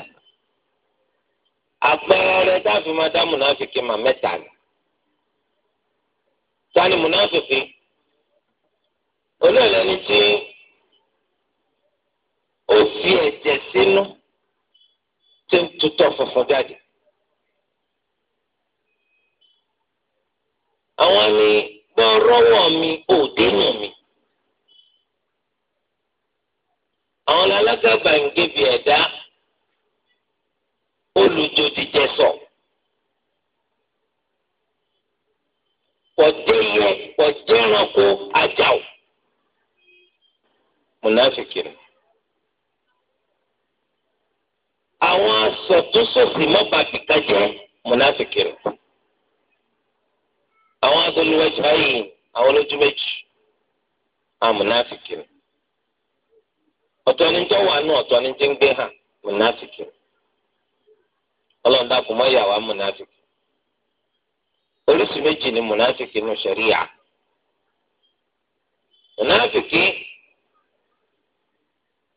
agbára táàfin máa dá munafiki mà mẹ́ta ni. munafiki. olóòlẹ́ni tí ó fi ẹ̀jẹ̀ sínú tí ó tutọ́ funfun jáde. àwọn ni bọ́ rọ́wọ́ mi ò dénú mi. àwọn alágbàgbà ń gébi ẹ̀dá olùjọ sọ. pọ̀jẹ́ yẹ pọ̀jẹ́ ẹranko ajáò. Munafikin. àwọn aṣọ tó sòsì mọ́ba kíkà jẹ́ àwọn adolówẹ́jì báyìí àwọn olójú méjì àwọn mùnáfíkì rẹ̀. ni tó wà náà ọ̀tọ̀ ni ha. ń gbé hàn mùnáfíkì rẹ̀. ọlọ́run dákun ìyàwó Munafikin oríṣi méjì ni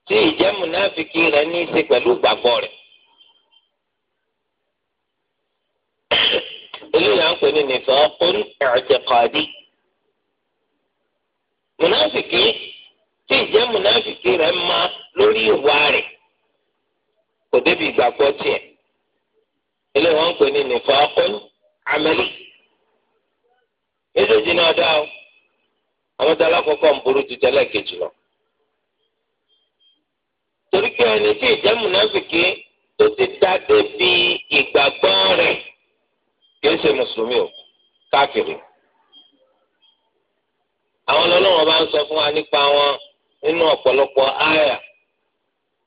ṣé ìjẹ́ múnáfíkì rẹ̀ ní í ṣe pẹ̀lú ìgbàgbọ́ rẹ̀. eléyìí à ń pè ní nifaqun i'tiqadi. múnáfíkì tí ìjẹ́ múnáfíkì rẹ̀ ma lórí ìwà rẹ̀ kò débi ìgbàgbọ́ tiẹ̀. eléyìí wọ́n pè ní nifaqun amali. méjèèjì náà dá o àwọn tí alákọ̀ọ́kọ́ ń burú ju tẹ́lẹ̀ kejì lọ torí pé ẹni tí ìjẹ́ mùnáfìkì tó ti dá débi ìgbàgbọ́ rẹ̀ kìí ṣe mùsùlùmí o káfìrí. àwọn ọlọ́wọ́n bá ń sọ fún wa nípa wọn nínú ọ̀pọ̀lọpọ̀ àyà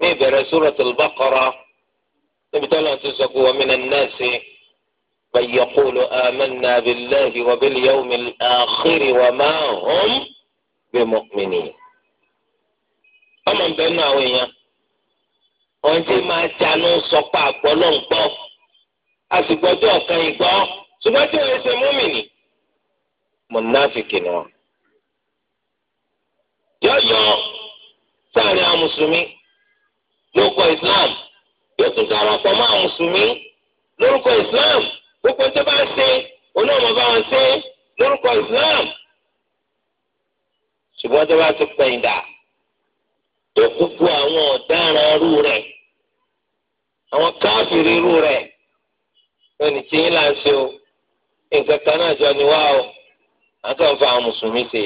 ní ìbẹ̀rẹ̀ Suratul Baqara níbi tọ́lá ti sọ pé wa minan nasi man yaqulu amanna billahi wa bil yawmil akhir wa ma hum bimu'minin òun ti máa jánu sọpá àgbọ̀ ló ń gbọ́ a sì gbọ́dọ̀ ọ̀kan ìgbọ́ ṣùgbọ́n tí wọ́n ṣe múmìnì mọ̀nàfíkì ni wọn. yọ̀yọ̀ sáàrin àwọn mùsùlùmí lórúkọ Islam yóò tún darapọ̀ mọ́ àwọn mùsùlùmí lórúkọ Islam gbogbo tó bá ń ṣe onáwó bá wọn ṣe lórúkọ Islam ṣùgbọ́n tó bá ti pẹ̀yìn tó àwọn ọ̀daràn irú rẹ̀ àwọn káfíìrì irú rẹ̀ lónìí tí yín là o nǹkan kan náà jọ ni wá o fa àwọn mùsùlùmí ṣe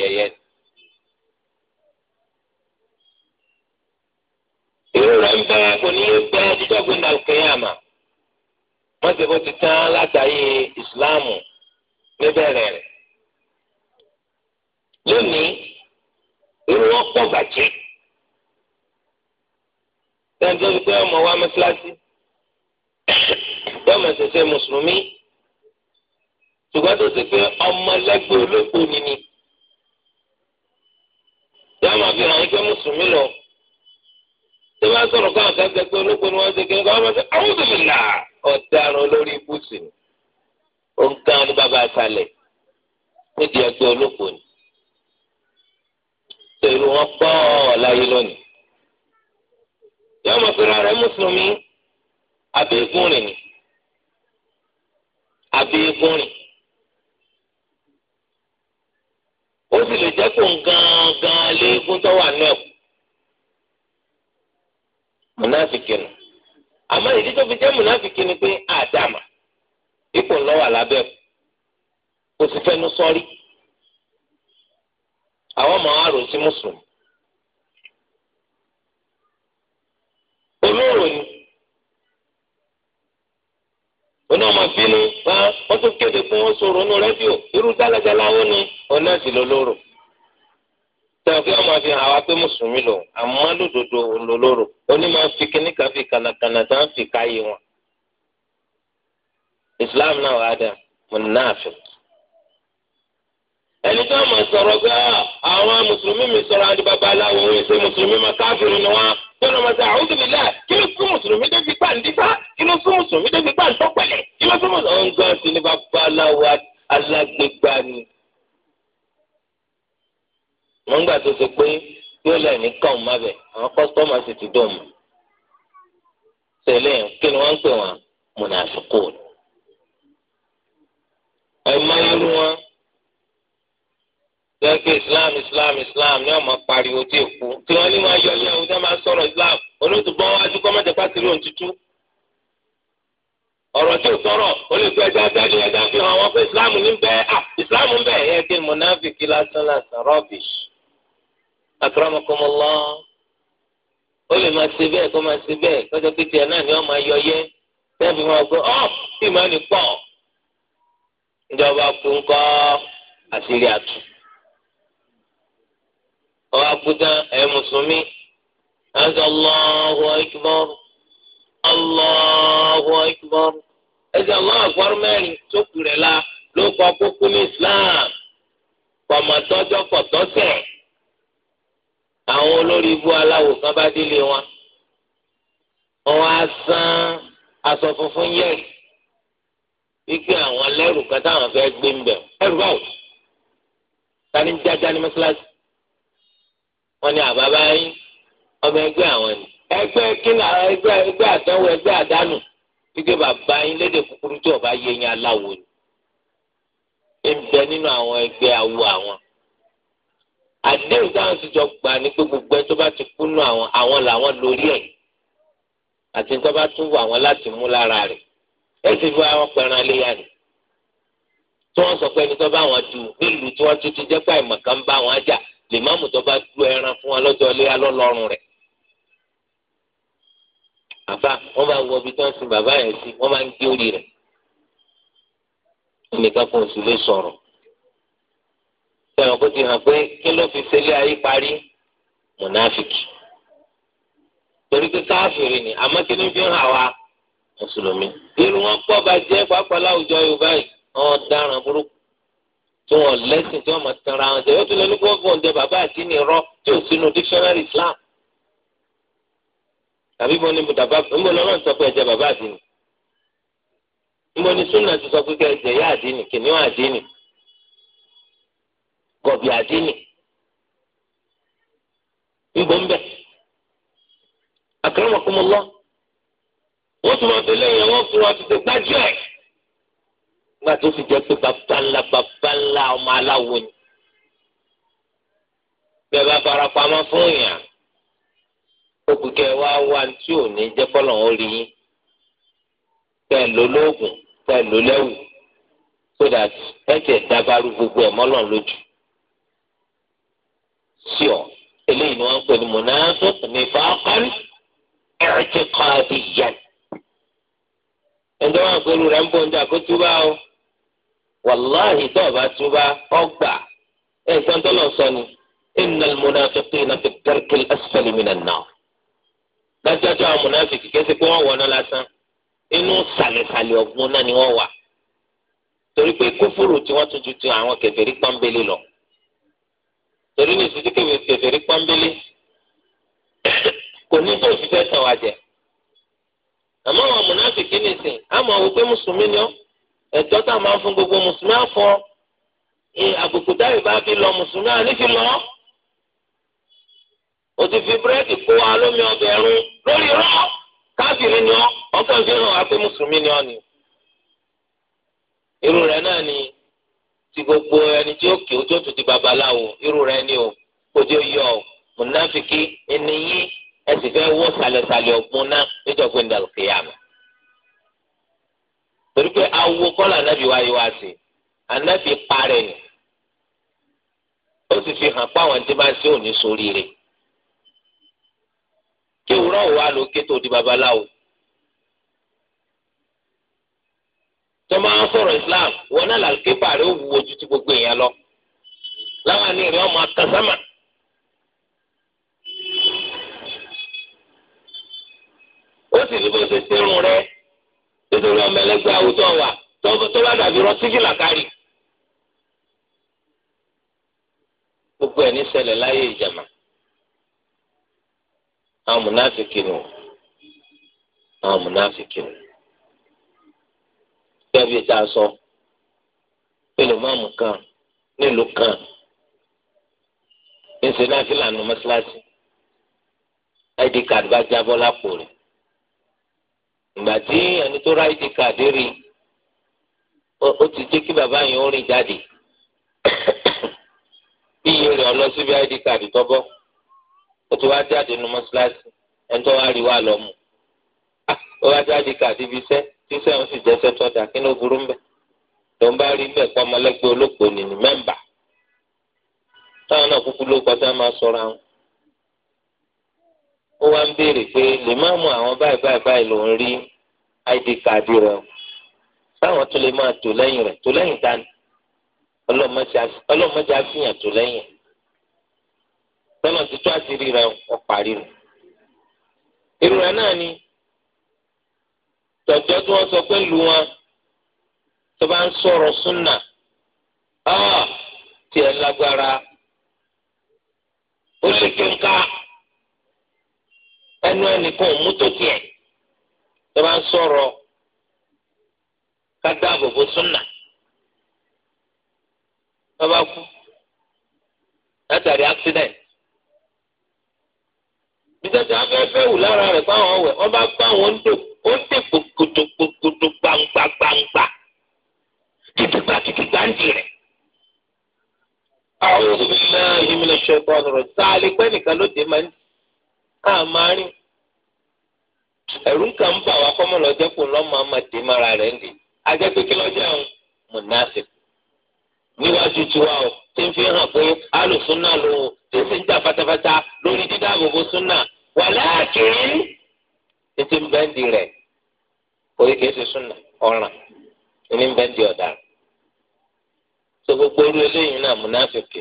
irú rẹ̀ ń bẹ́ kò ní í pẹ́ dídọ́gbìn náà kéèyàmà wọ́n ti bó ti tán látàyè ìsìláàmù níbẹ̀rẹ̀ rẹ̀ lónìí irú wọn pọ̀ sẹ́ni tó ti pé ọmọ wa mọ́sálásí yọmọ ṣẹ̀ṣẹ̀ mùsùlùmí ṣùgbọ́n tó ti pé ọmọlẹ́gbẹ́ olóko nìní yọmọ fi hàn ike mùsùlùmí lọ tó bá sọ̀rọ̀ káwọn kan ṣe pé olóko ni wọ́n ṣe kí nǹkan wọ́n ṣe àwọn tó fi là ọ̀daràn olórí ibùsùn ni ó ń kán ní bàbá àtàlẹ̀ ó di ẹgbẹ́ olóko ni. tèrú wọn pọ̀ láyé lónìí yọọ mọ pé rárẹ mùsùlùmí abẹ́ẹ̀gùn rìn ni abẹ́ẹ̀gùn rìn ó sì lè jẹ́ kó ń gangan léegun tó wà ní ẹ̀kú mùnáfìkì nù àmọ́ ìdí tó fi jẹ́ mùnáfìkì ni pé àdàmà ipò ńlọ́wà lábẹ́ ẹ̀kú kò sì fẹ́nu sọ́rí àwọn ọmọ àròsí mùsùlùmí. olóró ni oní ọmọ bínú bá wọn tún kéde fún wọn sọ̀rọ̀ nù rédíò irú jálajàlá wọn ni oní ẹsì fi hàn wá pé mùsùlùmí lò lòdòdó oní máa fi kíní fi kànàkànà tá à fi káyé wọn. Islam náà wà á dà mùnáfíkí. ẹni tó máa ah, àwọn mùsùlùmí mi sọrọ àti babaláwo mùsùlùmí máa tọ́lọ́ ma sọ àwọn òbí náà kí ló fún mùsùlùmí tó fi gbàǹdí fá kí ló fún mùsùlùmí tó fi gbàǹdí tọ́pẹ̀lẹ̀ kí ló fún mùsùlùmí. ọ̀ngàn sí ni babaláwo alágbègbà ni. wọ́n gbà tó ṣe pé yóò lẹ̀ ní kàn má bẹ̀ àwọn kọ́sítọ́mà sì ti dùn mọ́. tẹ̀lé kí ni wọ́n ń pè wọ́n mùnàfíkò. ẹ̀ máa ń rú wọn. jẹ́ islam islam islam ni ọmọ pariwo tí èkó tí wọ́n ní yọ ilé ọ̀hún tí sọ̀rọ̀ islam olóòtúbọ̀ wájú kọ́ mọ́tẹ́ pàṣẹ lóhun tútú. ọ̀rọ̀ tí ò sọ̀rọ̀ ó lè gbé ẹja jáde ẹja fi hàn wọ́n pé islam ní bẹ́ẹ̀ islam ń bẹ̀ ẹ̀ kí bi lásán lásán rubbish. akramakumullah ó lè máa ṣe bẹ́ẹ̀ kó máa ṣe bẹ́ẹ̀ kọjá náà ni yẹ ọwọ́ akúta ẹ̀ mùsùlùmí ẹ̀sọ́ Allahu Akbar Allahu Akbar ẹ̀sọ́ Allahu Akbar mẹ́rin tó kù rẹ̀ la ló kọ́ kókó ní Islam kọ̀mọ̀tọ́jọ́ kọ̀tọ́sẹ̀ àwọn olórí ibú aláwò kan bá délé wọn wọn á san aṣọ funfun yẹ̀rì wípé àwọn lẹ́rù kan táwọn fẹ́ gbé ń bẹ̀ ẹ̀rù báwò tani jájá ní mọ́ṣáláṣí wọ́n ní àbábá yín ọmọ ẹgbẹ́ àwọn ni ẹgbẹ́ kílà ẹgbẹ́ ẹgbẹ́ àtẹwò ẹgbẹ́ àdánù gbígbé bàbá yín lédè kúkúrú tí ọba yé yín aláwo ni ń bẹ nínú àwọn ẹgbẹ́ awo àwọn àdéhùn táwọn ti jọ gbà ní pé gbogbo ẹ tó bá ti kú nù àwọn àwọn làwọn lórí ẹ àti tó bá tún wù àwọn láti mú lára rẹ̀ ẹ sì àwọn pẹran léyà ni tí wọ́n sọ pé ẹni tó bá wọn dù nílùú tí wọ́n tún jẹ pé àìmọ̀kan bá wọn jà lè má mú tọ́ba du ẹran fún wa lọ́jọ́ ilé alọ́lọ́run rẹ̀ bàbá wọn bá wọ ibi tí wọn sin bàbá yẹn sí wọn máa ń gé orí rẹ̀ nìkan fún oṣù lè sọ̀rọ̀ sẹ́wọ̀n kó ti hàn pé kí ló fi ṣẹlẹ̀ ayé parí mùnáfìkì torí pé káfíìrì ni àmọ́ kí ló fi ń hàn wá mùsùlùmí irú wọn pọ̀ bàjẹ́ pàápàá láwùjọ Yorùbá yìí wọn dáràn burúkú tí wọn lẹ́sìn tí wọn máa tanra wọn jẹ yóò tún lọ ní gbọ́n fún bàbá àti ní tí sínú dictionary Islam tàbí bọ́ ní bàbá ńbọ lọ́nà sọ pé ẹ̀jẹ̀ bàbá àti ní ńbọ ní súnà ti sọ pé ẹ̀jẹ̀ yá àti ní kìnìún àti ní gọ̀bì àti ní ńbọ ńbẹ wọ́n tún máa lẹ́yìn nígbà tó sì jẹ́ pé bàbá ńlá bàbá ńlá ọmọ aláwo ni bẹ́ẹ̀ bá fara pamọ́ fún yàn ó kù kẹ́ wá wá tí ò ní jẹ́ kọ́lọ̀ ń rí yín kẹ́ ló lóògùn kẹ́ ló lẹ́wù so that ẹ̀jẹ̀ dábàrú gbogbo ẹ̀ mọ́lọ̀ lójú sí ọ eléyìí ni wọ́n pè ní monafik nifaqan i'tiqadiyan ẹ̀jẹ̀ wọn àgbẹ̀rù rẹ̀ ń bọ̀ ń jà kó túbà o wàláhì tó o bá túbá ọgbà ẹ̀ nǹkan tó lọ sọ ni innal munafiqina fi darkil asfali minan nar dájọ́jọ́ àwọn munafiki kẹ́sì pé wọ́n wọ̀ náà lásán inú sàlẹ̀sàlẹ̀ ọ̀gbun náà ni wọ́n wà torí pé kófòrò tí wọ́n tún ju ti àwọn kèfèrí pọ́nbélé lọ torí ní ìsìtí kèfèrí pọ́nbélé kò ní bóòsì fẹ́ tàn wá àmọ́ àwọn munafiki nìsín àmọ́ àwọn pé mùsùlùmí ni ọ́ ẹ̀tọ́ tá a máa fún gbogbo mùsùlùmí àfọ àbùkù táyì bá fi lọ mùsùlùmí ànífi lọ o ti fi búrẹ́dì kó wa lómi ọbẹ̀ ẹ̀rún lórí rọ káfíìrì ni ọ ọkàn fi hàn wá pé mùsùlùmí ni ọ ni irú rẹ̀ náà ni ti gbogbo ẹni tí ó kì ó tó tún di babaláwo irú rẹ̀ ni o kò tí ó yọ ọ mùnáfíkì ẹni yí ẹ sì fẹ́ wọ́ sàlẹ̀sàlẹ̀ ọ̀gbun náà níjọ́ gbẹ̀ndàlùkìyàmù torí pé awo kọ́lá anábì wáyé wá sí anábì parẹ́ ni ó sì fi hàn páwọn tí bá ń ṣe òní sórí rẹ̀ kí òwúrọ̀ wà lókè tó di babaláwo tó máa ń sọ̀rọ̀ Islam wọn náà làlùkè parẹ́ ó wúwo ju ti gbogbo èèyàn lọ láwọn àní rẹ̀ ọmọ akasámà. ó sì ní bó ṣe ṣerun rẹ̀ nítorí ọmọ ẹlẹgbẹ́ àwùjọ wa tó bá dàbí rọtíkì làkàrí. gbogbo ẹ̀ ní ṣẹlẹ̀ láyé ìjàmà àwọn mùnáfíkì nù àwọn mùnáfíkì nù. gẹ́gẹ́ bí ta sọ pẹ̀lú máàmù kan nílùú kan ní sinafílà nù mọ́ṣáláṣí id card bá jábọ́ lápò rẹ̀ ìgbà tí ẹni tó ra id card rí ó ti jẹ́ kí bàbá yẹn ó rìn jáde bí iye rẹ̀ ọ lọ síbi id card tọ́bọ́ ó ti wá jáde nu mọ́ṣáláṣí ẹni tó wá rí wá lọ mú ah, ó wá jáde card ibi iṣẹ́ tí sẹ́wọ̀n sì jẹ́ sẹ́tọ́ dà kí ló burú ń bẹ̀ ń bá rí bẹ́ẹ̀ pọ́ ọmọlẹ́gbẹ́ olóko nìní mẹ́mbà táwọn náà kúkú ló kọjá máa sọ̀rọ̀ àwọn ó wá ń béèrè pé lè má mú àwọn báyìí báyìí báyìí ló ń rí id káàdì rẹ o táwọn tó lè máa tò lẹ́yìn rẹ̀ tó lẹ́yìn dání ọlọ́mọdé àfihàn tó lẹ́yìn tọ́lọ̀ ti tó àṣírí rẹ̀ ọ parí nù. ìrora náà ni tọ̀jọ́ tí wọ́n sọ pé lu wọn tó bá ń sọ̀rọ̀ súnà ah, tiẹ̀ lágbára ó lè kéka. ẹnu ẹnìkan ò mú tó tiẹ̀ tó bá ń sọ̀rọ̀ ká bá kú látàrí accident ìtẹ̀tẹ̀ afẹ́fẹ́ wù lára rẹ̀ fáwọn ọ̀wẹ̀ wọ́n bá gbá wọn dò ó ń dè kòtòkòtò gbangba gbangba kìtìgbà kìtìgbà ń di rẹ̀. àwọn olùdílé yìí mi lè ọ̀nà rẹ̀ sáà lè pẹ́ nìkan eruka ń kàn ń bà wá kọ́mọ́ lọ́jọ́ kó lọ́mọ àmàdé mára rẹ̀ ń lè ajẹ́ pé kí lọ́jọ́ ẹ̀hún mùnásìk níwájú tiwa o ti ń fi hàn pé alùsùnà ló o ti ń fatafata lórí dídáàbòbò súnà wàláàkiri títí ń bẹ́ǹdì rẹ̀ orí kìí súnà ọ̀ràn ní ń bẹ́ǹdì ọ̀daràn so gbogbo orí eléyìí náà múnáfíkì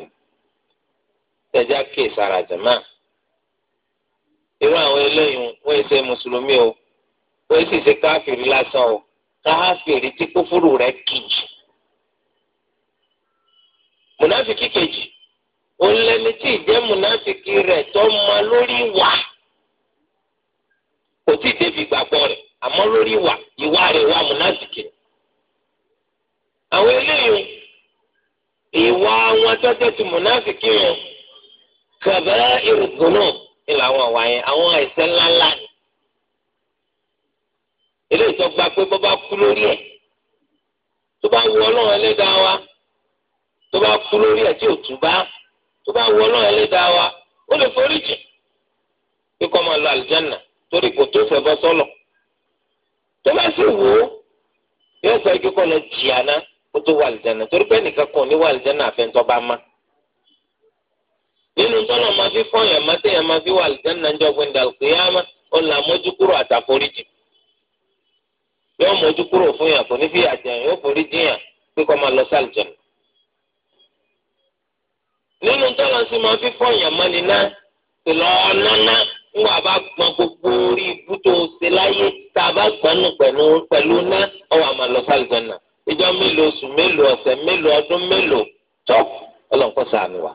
tẹjá kéè sára irú àwọn eléyìí wọ́n ṣe mùsùlùmí o wọ́n sì ṣe káfìrí lásán o káfìrí tí kófúrú re ki ji. kejì keji tí ìjẹ́ mùnáfìkì rẹ̀ tó ma lórí wà kò tí débi gbàgbọ́ rẹ̀ àmọ́ lórí wà ìwà rẹ̀ wà mùnáfìkì. àwọn eléyìí ìwà wọn tó tẹ̀sí ní làwọn ọ̀wà yẹn àwọn ẹ̀ṣẹ̀ ńláńlá ni eléyìí tó gba pé bọ́bá kú lórí ẹ̀ tó bá wù ọlọ́run ẹlẹ́dàá wa tó bá kú lórí ẹ̀ tí ò tún bá tó bá wù ọlọ́run ẹlẹ́dàá wa ó lè forí jì kíkọ́ máa lọ àlùjánnà torí kò tó fẹ́ bọ́ sọ́lọ̀ tó bá sì wù ó yóò sọ kíkọ́ lọ jìyà náà kó tó wà àlùjánnà torí pé nìkan kan ní wà àlùjánnà àfẹ́ńtọ́ bá máa nínú tọ́nà máa fi fọ́ yàn máa tẹ̀yàn máa fi wà àlùjáná jọ gbẹ̀ndà kìyàmá ó là mójú kúrò àtàforíjì yóò mójú kúrò fún yàn kò ní fi àjàn yóò forí jìyàn pé kó máa lọ sí àlùjáná. nínú tọ́nà sì máa fi fọ́ yàn máa nínà tó lọ nánà ńgbà bá gbọ́n gbogbo orí ibú ṣe láyé tá a bá gbọ́nù pẹ̀lú pẹ̀lú ná ọ̀wà máa lọ sí àlùjáná ìjọ mélòó oṣù mélòó ọ̀sẹ̀ mélòó ọdún mélòó tó ọlọ́nkọ́sà ni wà.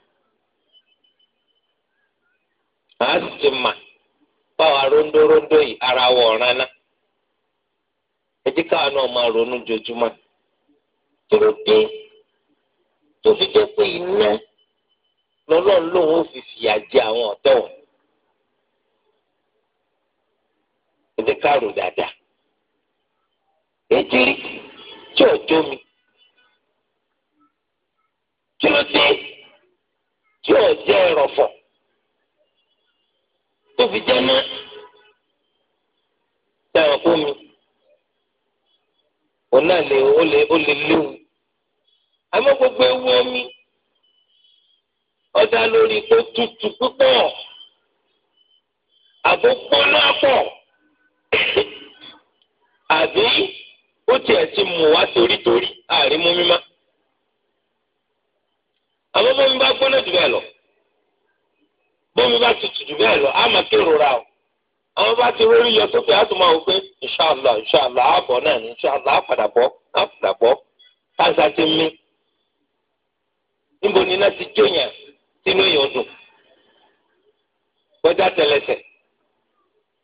a sì ti mà báwa rondórondó yìí ara wọ ọ̀ràn náà ẹ jẹ́ ronú jojúmọ́ tòró dé tòfi jẹ́ pé iná lọ́lọ́run lòun ò fi fìyà jẹ àwọn wọn. rò dáadáa mi dé tí fi jẹ mọ́ sẹ́wọ̀n kú mi òun náà lè ó lè ó lè léwu àmọ́ gbogbo ewu omi ọ̀dà lórí kó tutù púpọ̀ àbò gbóná pọ̀ àbí ó tiẹ̀ ti mú wá torítorí àrímú mímá àmọ́ bó ń bá gbóná jù bẹ́ẹ̀ lọ bómi bá tutù jù bẹ́ẹ̀ lọ àmọ́ kérora o àwọn bá ti rórí yọ sókè á tún máa wò pé inṣàlá inṣàlá àbọ̀ náà ní inṣàlá àpàdà bọ́ àpàdà bọ́ káńsà ti mí níbo ni iná ti jóyàn sínú èèyàn dùn bọ́jà tẹlẹsẹ̀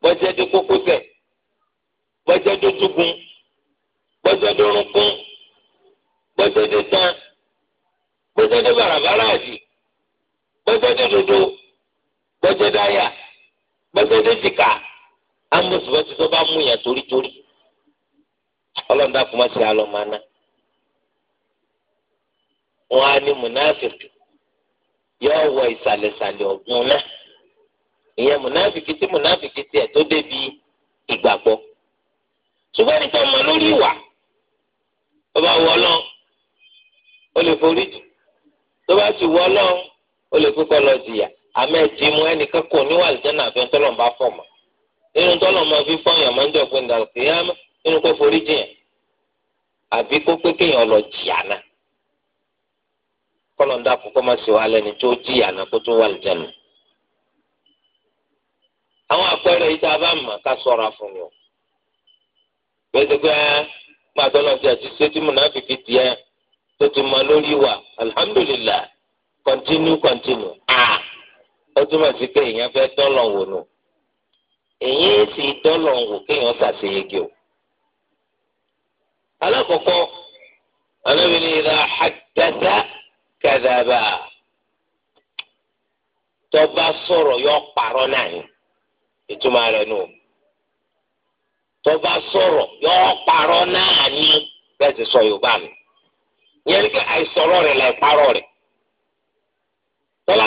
bọ́jà dé kókósẹ̀ bọ́jà dé túgun bọ́jà dé orúnkún bọ́jà dé tán bọ́jà dé bàràbàrà àjì bọ́jà dé dodo gbọ́jẹ́ dáyà gbọ́jẹ́ déjìká amúsùbọ́sí tó bá mú yàn torítorí ọlọ́run dákun má ṣe alọ́mọ́ná wọn á ní mùnáfíkì yóò wọ ìsàlẹ̀sàlẹ̀ ọ̀gbun náà ìyẹn mùnáfíkì tí mùnáfíkì tiẹ̀ tó débi ìgbàgbọ́ ṣùgbọ́n nípa ọmọ lórí ìwà tó bá wọ ọlọ́run ó lè forí jù tó bá sì wọ ọlọ́run ó lè kókó lọ jìyà àmẹ́ẹ̀dì mú ẹnìkan kò níwà àlùjáná àfẹ́ tọ́lọ̀ ń bá fọ̀ mọ́ nínú tọ́lọ̀ máa fi fọ́ yàn máa ń jọ pé ndàlù kì í yá nínú kó forí jìyàn àbí kó pé kéèyàn lọ jìyà náà kọ́lọ̀ ń dàpọ̀ kó má sì wá lẹ́ni tó jìyà náà kó tó wà àlùjáná. àwọn àpẹẹrẹ yìí tá a bá mọ̀ ká sọ̀ra fún mi o pé ah, máa ti àti sétí múnáfìkì tiẹ̀ tó ti mọ lórí wa alihamudulilayi continue continue ah. ó túmọ̀ sí pé èèyàn fẹ́ dọ́lọ̀ wò nù èyí sì dọ́lọ̀ wò kéèyàn ṣàṣeyege o. alákọ̀ọ́kọ́ kàdàbà tọba sọ̀rọ̀ yọ parọ́ ni ìtumọ̀ rẹ̀ nù tọba sọ̀rọ̀ yọ parọ́ náà ni bẹ́ẹ̀ ti sọ yorùbá mi yẹn ní kí là ń parọ́ rẹ̀ tọ́lá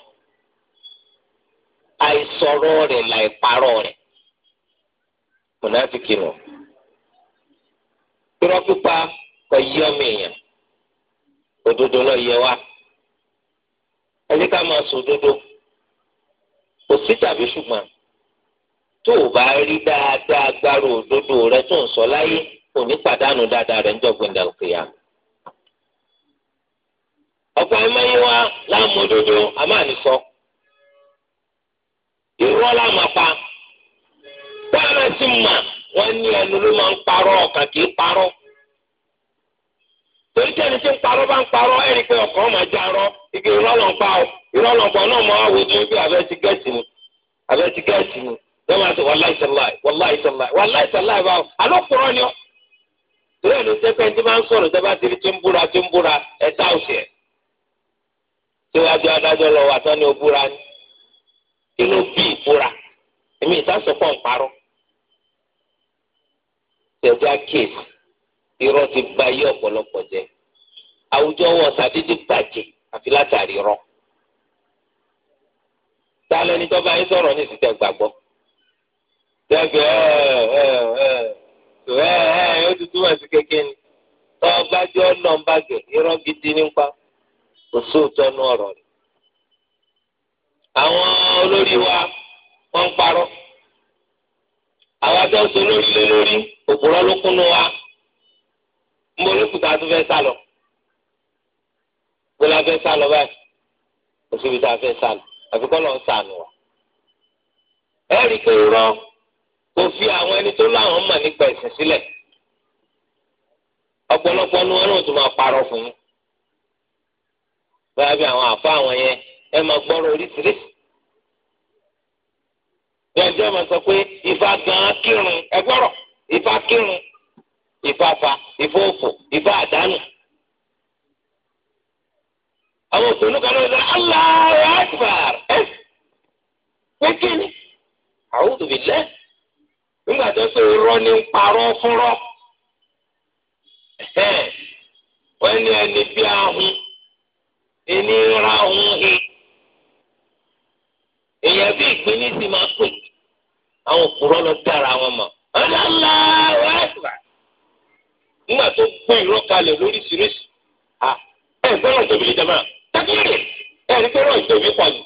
àìsọ̀rọ̀ rẹ̀ láìparọ́ rẹ̀ mùnàfíkì nù irọ́ pípa kọ yí ọmọ èèyàn òdodo lọ yẹ wá ẹ ká máa òdodo kò sí tàbí ṣùgbọ́n tó o bá rí dáadáa gbárò òdodo rẹ tó ń sọ láyé kò ní pàdánù dáadáa rẹ ń jọgbìn dàgbìyà ọ̀pọ̀ wa láàmú òdodo a máa ní So. irọ́ la máa pa báyọ̀ ti mà wọ́n ní ẹnu ló máa ń parọ́ ọkàn kì í parọ́ torí tí ẹni tí ń parọ́ bá ń parọ́ ẹni pé ọkàn máa já rọ́ igi pa ọ́ irọ́ lọ́n pa náà máa wò ó bí abẹ́ ti gẹ̀ẹ́sì ni abẹ́ ti gẹ̀ẹ́sì ni máa sọ wàláì sàláì wàláì sàláì wàláì sàláì báwo kúrọ́ ni ọ́ torí ti ń búra ń búra ẹ̀ tá òsì kí ló bí ìfura èmi ìsásọpọ̀ ń parọ́ tẹ̀já kéèsì irọ́ ti ba ayé ọ̀pọ̀lọpọ̀ jẹ́ àwùjọ bàjẹ́ àfi látàrí ni tọ́ba yín sọ̀rọ̀ ní gbàgbọ́ ó ti túmọ̀ sí ni tọ́ba irọ́ gidi nípa kò sóòótọ́ àwọn olórí wa wọ́n ń parọ́ àwa tó ń sọ lórí lé lórí òpùrọ́ ló kúnnú wa ń bọ́ lókùtà tó fẹ́ sálọ bó la fẹ́ sálọ báyìí kò síbi tá a fẹ́ sálọ àfi kọ́ lọ́ọ́ sànù wa ẹ rí i pé irọ́ kò fi àwọn ẹni tó láwọn mọ̀ nípa ẹ̀sìn sílẹ̀ ọ̀pọ̀lọpọ̀ ni wọn náà tún máa parọ́ fún yín báyà àwọn àfa àwọn yẹn ẹ máa gbọ́rọ̀ oríṣiríṣi gbẹ̀ǹdé ọmọ sọ pé ifá gan kírun ẹgbọ́rọ̀ ifá kírun ìfáfa ìfóòfò ìfá àdánù. àwọn òṣèlú kan náà sọ Allahu ẹ pé kí ni a'udhu billah nígbà tó ṣe irọ́ ní parọ́ fúnrọ́ wọ́n ní ẹni bí ahun ẹni ra ohun àwọn òkúrọ lọ ara wọn mọ ọlọlá wàhálà nígbà tó gbé ìrọ kalẹ̀ lóríṣiríṣi ẹ gbọ́dọ̀ tóbi ní jama tẹkílẹ ẹ rí fẹ́ràn ìtóbi pọ̀jù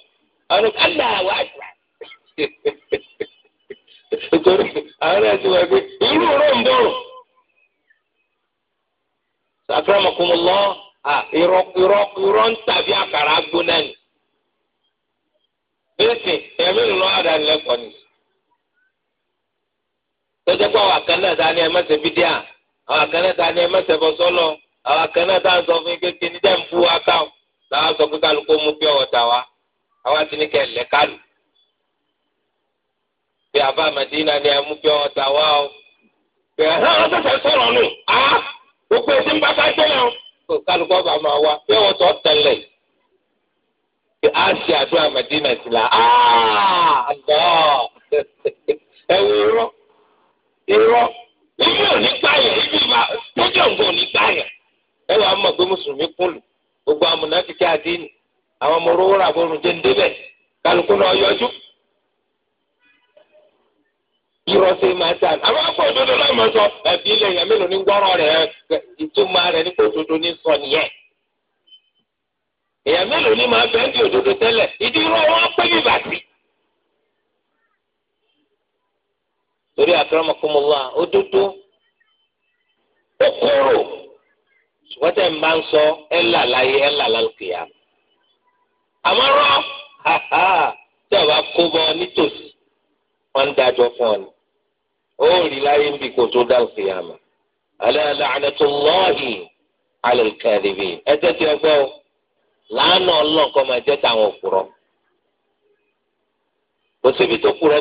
àwọn ọlọlá wàhálà nítorí àwọn ẹ̀sìn wà pé irú rẹ̀ ń bọ̀rọ̀ sàkàràmọ̀kùnmọ̀lọ́ irọ́ irọ́ irọ́ ń tàbí àkàrà gbóná ni nìyí. tọ́jọ́ pé àwọn àkànnà ta ni ẹ má ṣe bídíà àwọn àkànnà ta ni ẹ má ṣe bọ́ sọ́lọ àwọn àkànnà ta ń sọ fún ike kí ni dẹ́n bú wa ká o làwọn sọ pé kálukú mú pé ọ̀tà wa àwa ti ní kẹ́ kálù pé àbá Màdínà ni ẹ mú pé ọ̀tà wa o pé ẹ hàn ṣẹ̀ṣẹ̀ sọ̀rọ̀ nù á gbogbo ètí ń bá bá gbé náà kó kálukú ọba máa wá pé ọ̀tọ̀ tẹ̀lẹ̀ pé á ṣe àdúrà Màdínà sí la ẹ wúrọ́. irọ́ ibi ò ní pààyàn ibi ìmà tójú òǹgò ní pààyàn. ya. wàá mọ̀ pé mùsùlùmí kúlù gbogbo amúnáfíkì àdínì àwọn ọmọ orówó rà bọ́ọ̀rù jẹ́ ń débẹ̀ kálukú náà yọjú. irọ́ sí máa ń sàn àwọn akọ òdodo náà máa sọ ẹ̀bí ilẹ̀ yẹn torí akramakumullah òdodo ó kúrò ṣùgbọ́n tẹ̀ ń bá ń sọ ẹ̀ là láyé ẹ̀ là lálùkìyà àmọ́ tí ọba kó bọ́ nítòsí wọ́n ń dájọ́ fún ọ ni ó rí láyé ń bì kó tó dá lálùkìyà mọ́ ala la'natullahi ala al ẹ tẹ́tí tó kúrọ́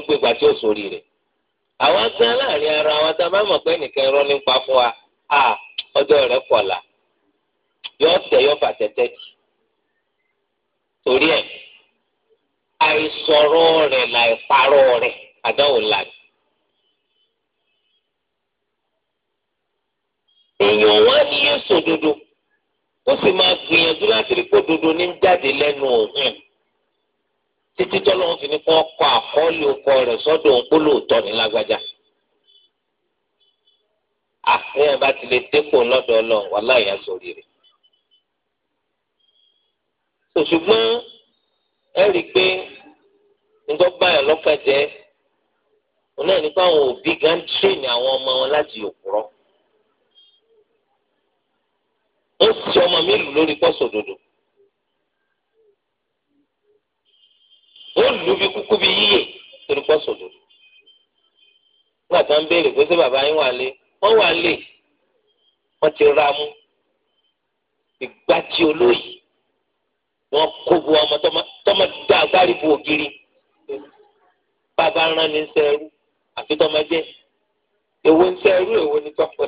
sórí àwa gan láàrin ara wa tá a bá mọ̀ pé nìkan irọ́ nípa fún wa a ọjọ́ rẹ̀ pọ̀là yóò tẹ̀ yóò fà tẹ́tẹ́ jù torí ẹ̀ àìsọ̀rọ̀ rẹ̀ láìparọ́ rẹ̀ àdáwò lànà. èèyàn wá ní yéṣu dodo ó sì máa gbìyànjú láti rí kó dodo ní jáde lẹ́nu òun títí tọ́lọ́hún fi ni kí wọ́n kọ àkọọ́lẹ̀ ọkọ rẹ̀ sọ́dọ̀ òǹkó lóòótọ́ ní lágbájá. àfihàn bá ti lè dépò lọ́dọ̀ ọlọ́run wà láyà sórí rẹ̀. ṣùgbọ́n ẹ rí i pé nígbà báyọ̀ lọ́kàn jẹ́ òun náà nípa àwọn òbí gan tírèèni àwọn ọmọ wọn láti òkúrọ́. ó sì ọmọ mi lù lórí pọ́sòdodo. ó lù bí kúkú bí yíyè torí pọ́ sòdò nígbà tí wọ́n béèrè pé ṣé bàbá yín wà lé wọ́n wà lé wọ́n ti ra mú ìgbà tí olóyè wọ́n kó bu ọmọ tọ́mọ dá agbárí bu ògiri bàbá rán ní sẹ́rú àfi tọ́mọ jẹ́ èwo ń sẹ́rú èwo ní tọ́pọ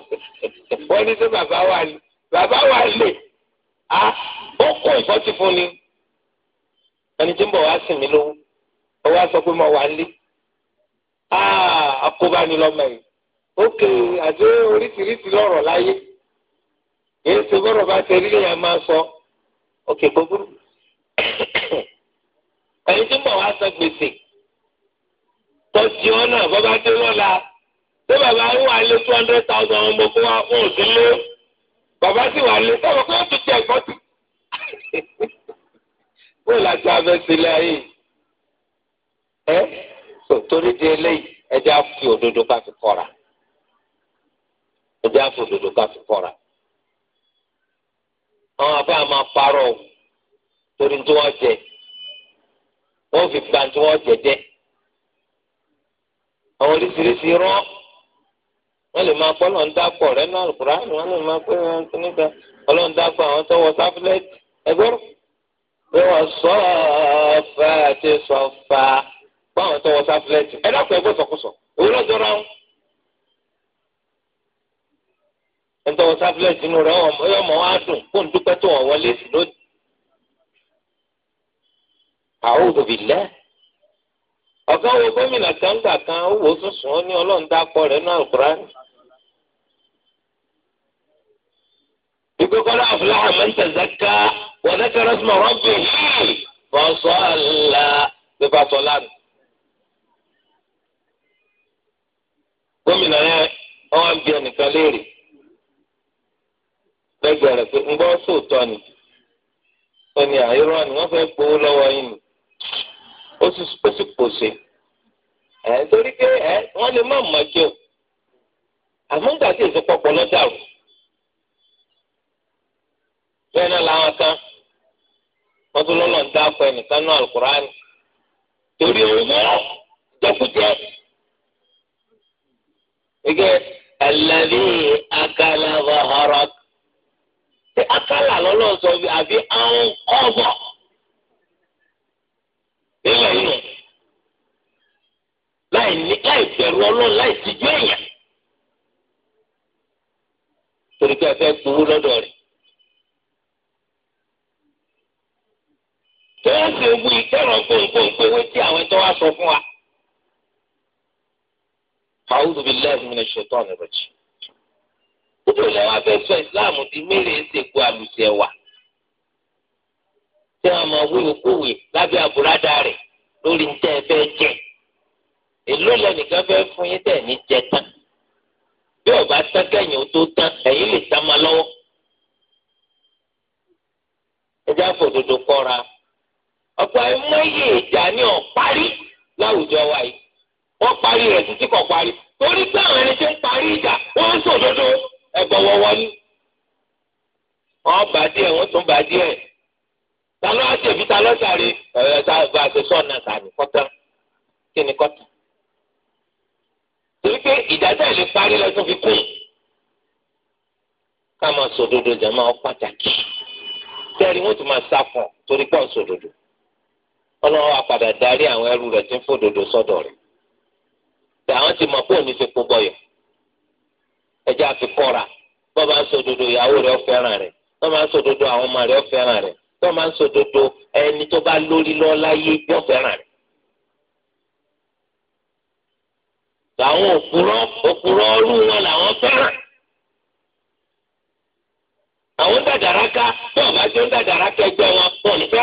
wọ́n ní sẹ́ bàbá wà lé bàbá wà lé ah, ó kó ìfọ́tí fún ni ẹni tí ń bọ̀ wá sìn mí lówó ẹ wá sọ pé mo wà lé ah, àkóbá ni lọ́mọ yìí ókè àti oríṣiríṣi lọ́rọ̀ láyé èyí tó bọ́rọ̀ bá ṣe rí lèèyàn máa sọ ókè gbogbo ẹni tí ń bọ̀ wá sọ gbèsè tọ́jú ọ náà bọ́ bá dé lọ́la tí bàbá ń wà lé two hundred thousand ọmọ kó wá fún òsínlé bàbá sì wà lé sọ́wọ́ pé ó ti jẹ́ ẹ̀gbọ́n sí. [laughs] wọ́n láti abẹ́sílẹ̀ ayé ẹ́ torí di eléyìí ẹjẹ́ á fi òdodo ká fi kọ́ra ẹjẹ́ á fi òdodo ká fi kọ́ra àwọn abẹ́ àmà parọ́ torí tí wọ́n jẹ wọ́n fi gba tí wọ́n jẹ jẹ́ àwọn oríṣiríṣi rán wọ́n lè máa gbọ́ lọ́n dápọ̀ rẹ́ náà kúránì wọ́n lè máa gbé wọn níta ọlọ́run dápọ̀ àwọn tó wọ sáfúlẹ́ẹ̀tì ẹgbẹ́rún pé wọ́n sọ ọ̀fà àti sọ̀fà báwọn tó wọ sáfúlẹ̀tì ẹ dákun ẹgbẹ́ sọ̀kúsọ̀ òun lọ́jọ́ ráhùn. ẹ tọwọ sáfúlẹ̀tì inú rẹ̀ ọmọ wa dùn kó n dúpẹ́ tó wọ́n wọlé sí lónìí. àwòrán òbí lẹ́ ọ̀gá wo gómìnà kan gbà kan ó wò ó sùn sùn ó ní ọlọ́run dápọ̀ rẹ̀ náà kúránì. ìgbé kọ́lá àfúláhà máa ń tẹ̀sẹ̀ká wọ́n dẹ́kẹ́ rẹ́sìmọ̀ rọ́bì yìí bọ́sọ̀ àlá pípa sọ́lá nù. gómìnà yẹn ọwọ́ ń bí ẹnìkan léèrè lẹ́gbẹ̀ẹ́ rẹ̀ pé ń gbọ́ sóòótọ́ ni ó ní àìrọ́ ni wọ́n fẹ́ gbowó lọ́wọ́ yín ni ó sì pòṣèpòṣè ẹ̀ torí pé ẹ̀ wọ́n lè má mọ̀ jẹ́ o àmọ́ ń lọ́dà rò bẹ́ẹ̀ náà làwọn kan wọ́n tún lọ́lọ́ ń dáko ẹnìkan náà alukurani torí òun mọ́ jẹ́kújẹ́ ike ẹlẹ́bí akala bọ̀họ̀rọ̀ ṣe akala lọ́lọ́ sọ bí àbí àwọn ọ̀bọ̀ ilẹ̀ yìí láì ní láì bẹ̀rù ọlọ́run láì tijú èèyàn torí pé ẹ fẹ́ gbowó lọ́dọ̀ rẹ̀. lè wí kẹ́rọ̀ gbòǹgbòǹgbò ewé tí àwọn ẹjọ́ wa sọ fún wa. A'udhu billahi minash shaitani rajim. Gbogbo ilẹ̀ wa fẹ́ sọ ìsìláàmù di mẹ́rin ṣèkú àlùsí ẹ̀wà. Ṣé wọn máa wí okòwé lábẹ́ àbúradà rẹ̀ lórí ntẹ́ ẹ fẹ́ jẹ? Èló lẹ́nìkan fẹ́ fún yín tẹ̀ ní jẹ tán. Bí ọba tán kẹ́yìn tó tán, ẹ̀yin lè sá máa lọ́wọ́. Ẹ fòdodo kọ́ra ọ̀pọ̀ ẹ̀mọ́yè ìjà ni ọ̀ parí láwùjọ wa yìí wọ́n parí rẹ̀ títí kọ̀ parí torí pé àwọn ẹni tí ń parí ìjà wọ́n ń sòdodo ẹ̀bọ̀ wọ̀wọ́ ni. wọ́n bá díẹ̀ wọ́n tún bá díẹ̀ ta ló ṣèbí ta ló ṣàrí ọ̀rẹ́ ta bá a ṣe sọ́ọ̀nà tàbí kọ́tà kí ni kọ́tà. torí pé ìdájọ́ ìlú parí lọ́sùn fi kún ká máa sòdodo jẹ́ máa pàtàkì tẹ́rì wọ́n tún máa sá fún ọ torí pọ̀ sòdodo. ọlọ́wọ́ ọpada darí àwọn ẹrú rẹ̀ tí ń fòdodo sọ́dọ̀ rẹ̀ tí àwọn ti mọ̀ pé òní fi kó bọ̀yọ̀ ẹjẹ́ kọ́ra. bọ́ bá ń sòdodo ìyàwó rẹ̀ ó rẹ̀ bọ́ bá ń àwọn ọmọ rẹ̀ rẹ̀ bọ́ bá ń ẹni tó bá lórí lọ láyé yóò rẹ̀. ọrú wọn làwọn fẹ́ràn àwọn bọ́ọ̀ bá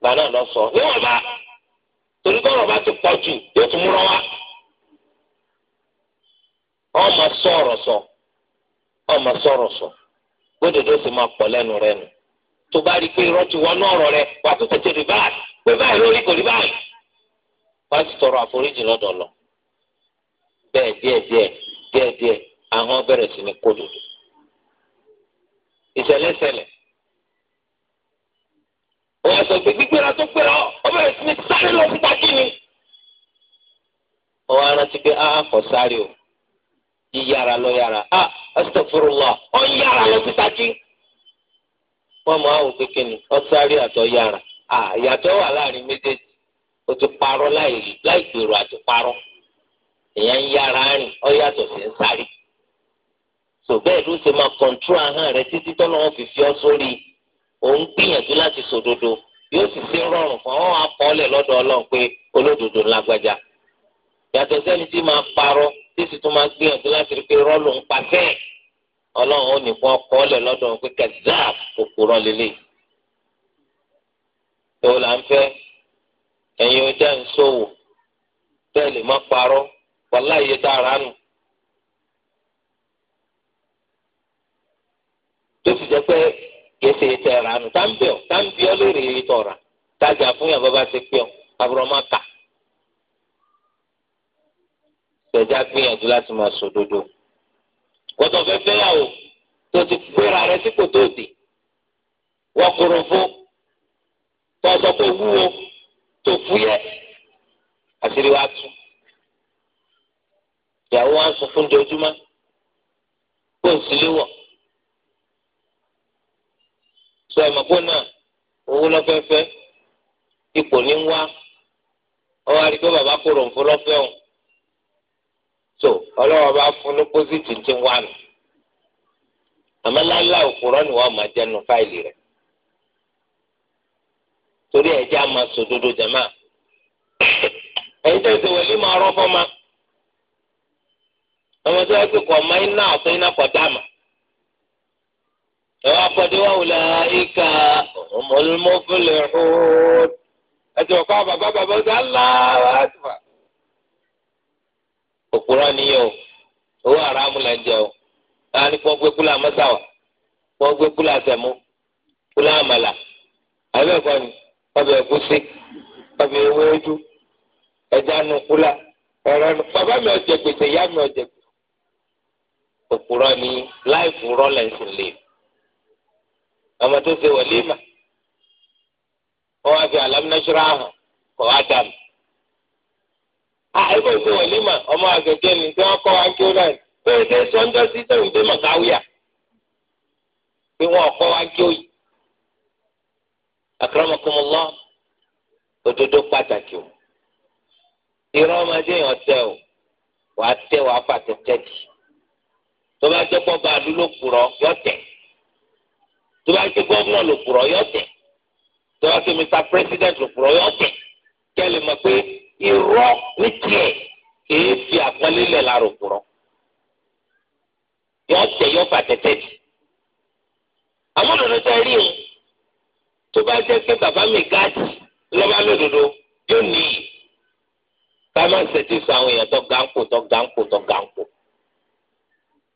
gba náà lọ sọ níwọ̀n bá torí bọ́rọ̀ bá ti pọ̀ jù yóò tún múra wá. ọmọ sọ̀rọ̀ sọ ọmọ sọ̀rọ̀ sọ gbódòdó sì máa pọ̀ lẹ́nu rẹ nù tó bá rí i pé irọ́ ti wọnú ọ̀rọ̀ rẹ wàá tún tètè rí báyìí pé báyìí lórí kò rí báyìí wàá ti tọrọ àforíjì lọ́dọ̀ lọ bẹ́ẹ̀ díẹ̀ díẹ̀ díẹ̀ díẹ̀ àwọn bẹ̀rẹ̀ sí wọ́n sọ pé gbígbéra tó gbéra ọbẹ̀ rẹ̀ lọ síta kí ni. wọ́n rántí pé a ah, ah, kò sáré o yíyára lọ yára a ah, astaghfirullah ọ yára lọ síta kí. wọ́n mọ àwọn kékeré ni ọ sáré àtọ yára a ìyàtọ̀ wà láàrin méjèèjì o ti parọ́ láì gbèrò àti parọ́ èèyàn ń yára rìn ọ yàtọ̀ sí ń sáré. sọ bẹ́ẹ̀ ló ṣe máa rẹ títí fi ọ sórí. òun gbìyànjú láti sòdodo yóò sì ṣe rọrùn fún àwọn akọọlẹ̀ lọ́dọ̀ ọlọ́run pé olódodo lágbájá yàtọ̀ sẹ́ni tí máa parọ́ tí sì tún máa gbìyànjú láti rí pé rọ́ọ̀lù ń pàṣẹ ọlọ́run ò ní fún akọọlẹ̀ lọ́dọ̀ ọ̀hún pé kẹzáp òkúrọ̀ lélẹ̀ tó là ń fẹ́ ẹ̀yin ojú ń ṣòwò tẹ́lẹ̀ má parọ́ wàlá iye tá a rà nù. tó sì jẹ́ pé kéésì tẹ ẹ̀rọ àánú táǹbìọ̀ táǹbìọ̀ lórí ìtọ̀ ọ̀rà tájà fún yàn bàbá ti pẹ́ ọ àbúrò máa kà. Ìgbẹ́jà gbìyànjú láti máa sọ òdodo. Gbọ́dọ̀ fẹ́ fẹ́yàwó tó ti gbéra rẹ sípò tó dì. Wọ́n kúrò fún tó wúwo tó fúyẹ́ àṣírí wa tú. Ìyàwó wa ń sọ fún dojúmọ́ kó n sílé wọ̀. sọ ẹ̀ mọ̀kó náà owó lọ́fẹ́fẹ́ ipò ní wá ọwọ́ àdìgbò bàbá kúrò ń fún lọ́fẹ́ òun tó ọlọ́wọ́ bá fún lópósìtì ti wá nù àmọ́ lálá òkúrọ́ ni wọ́n máa fáìlì rẹ̀ torí ẹ̀jẹ̀ á máa ẹ̀yin tó ti wẹ̀lí máa rọ́ fọ́ ma ọmọ tó yẹ kó kọ́ iná ẹ̀wọ́n akọ́dé wa wò láyìíká ọmọlúmọ́fẹ́lẹ̀ ọ̀hún. ẹ̀sìn ọ̀kọ́ bàbá bàbá ọ̀sẹ̀ aláwọ̀ àtùfà. òpùrọ̀ nìyẹn o owó àràmù là ń jẹ o báà ní kó gbé kúlà mọ́sáwà kó gbé kúlà sẹ̀mú kúlà àmàlà àbẹ̀kọ́ ni ọbẹ̀ ẹ̀gúsí ọbẹ̀ ewédú ẹja nu kúlà ẹ̀rọ nu bàbá mi ọ̀jẹ̀ gbèsè ìyá mi ọ̀jẹ̀ gbèsè òpùrọ̀ ni láìfù rọ́lẹ̀ ń lè ọmọ tó ṣe wàlímà wọn wá fi alámúnáṣúra hàn kọ wá dà mí. ṣe ọmọ àgbẹ̀jẹ̀ ni tí wọ́n kọ́ wá kí ó náà pé ọkọwa sọ́njọ́ sí tẹ̀wọ̀n dé màkáwíà pé wọ́n kọ́ wá kí ó yìí. akramakumullah òdodo pàtàkì o irọ́ yẹn o tó bá ké gọ́vnà ló kúrọ̀ yọ tẹ̀ tó bá ké mr president ló kúrọ̀ yọ tẹ̀ kẹ́lẹ́ mọ̀ pé irọ́ ní tiẹ̀ kìí fi àpọ́nlé lẹ̀ lára òkúrọ̀ yọ tẹ̀ yọ fà tẹ̀tẹ̀ dì amúnàdọ́tà rí o tó bá jẹ́ pé bàbá mi gáàdì lọ́ba lódodo yóò níyì ká má ṣètì sọ àwọn èèyàn tó gánkò tó gánkò tó gánkò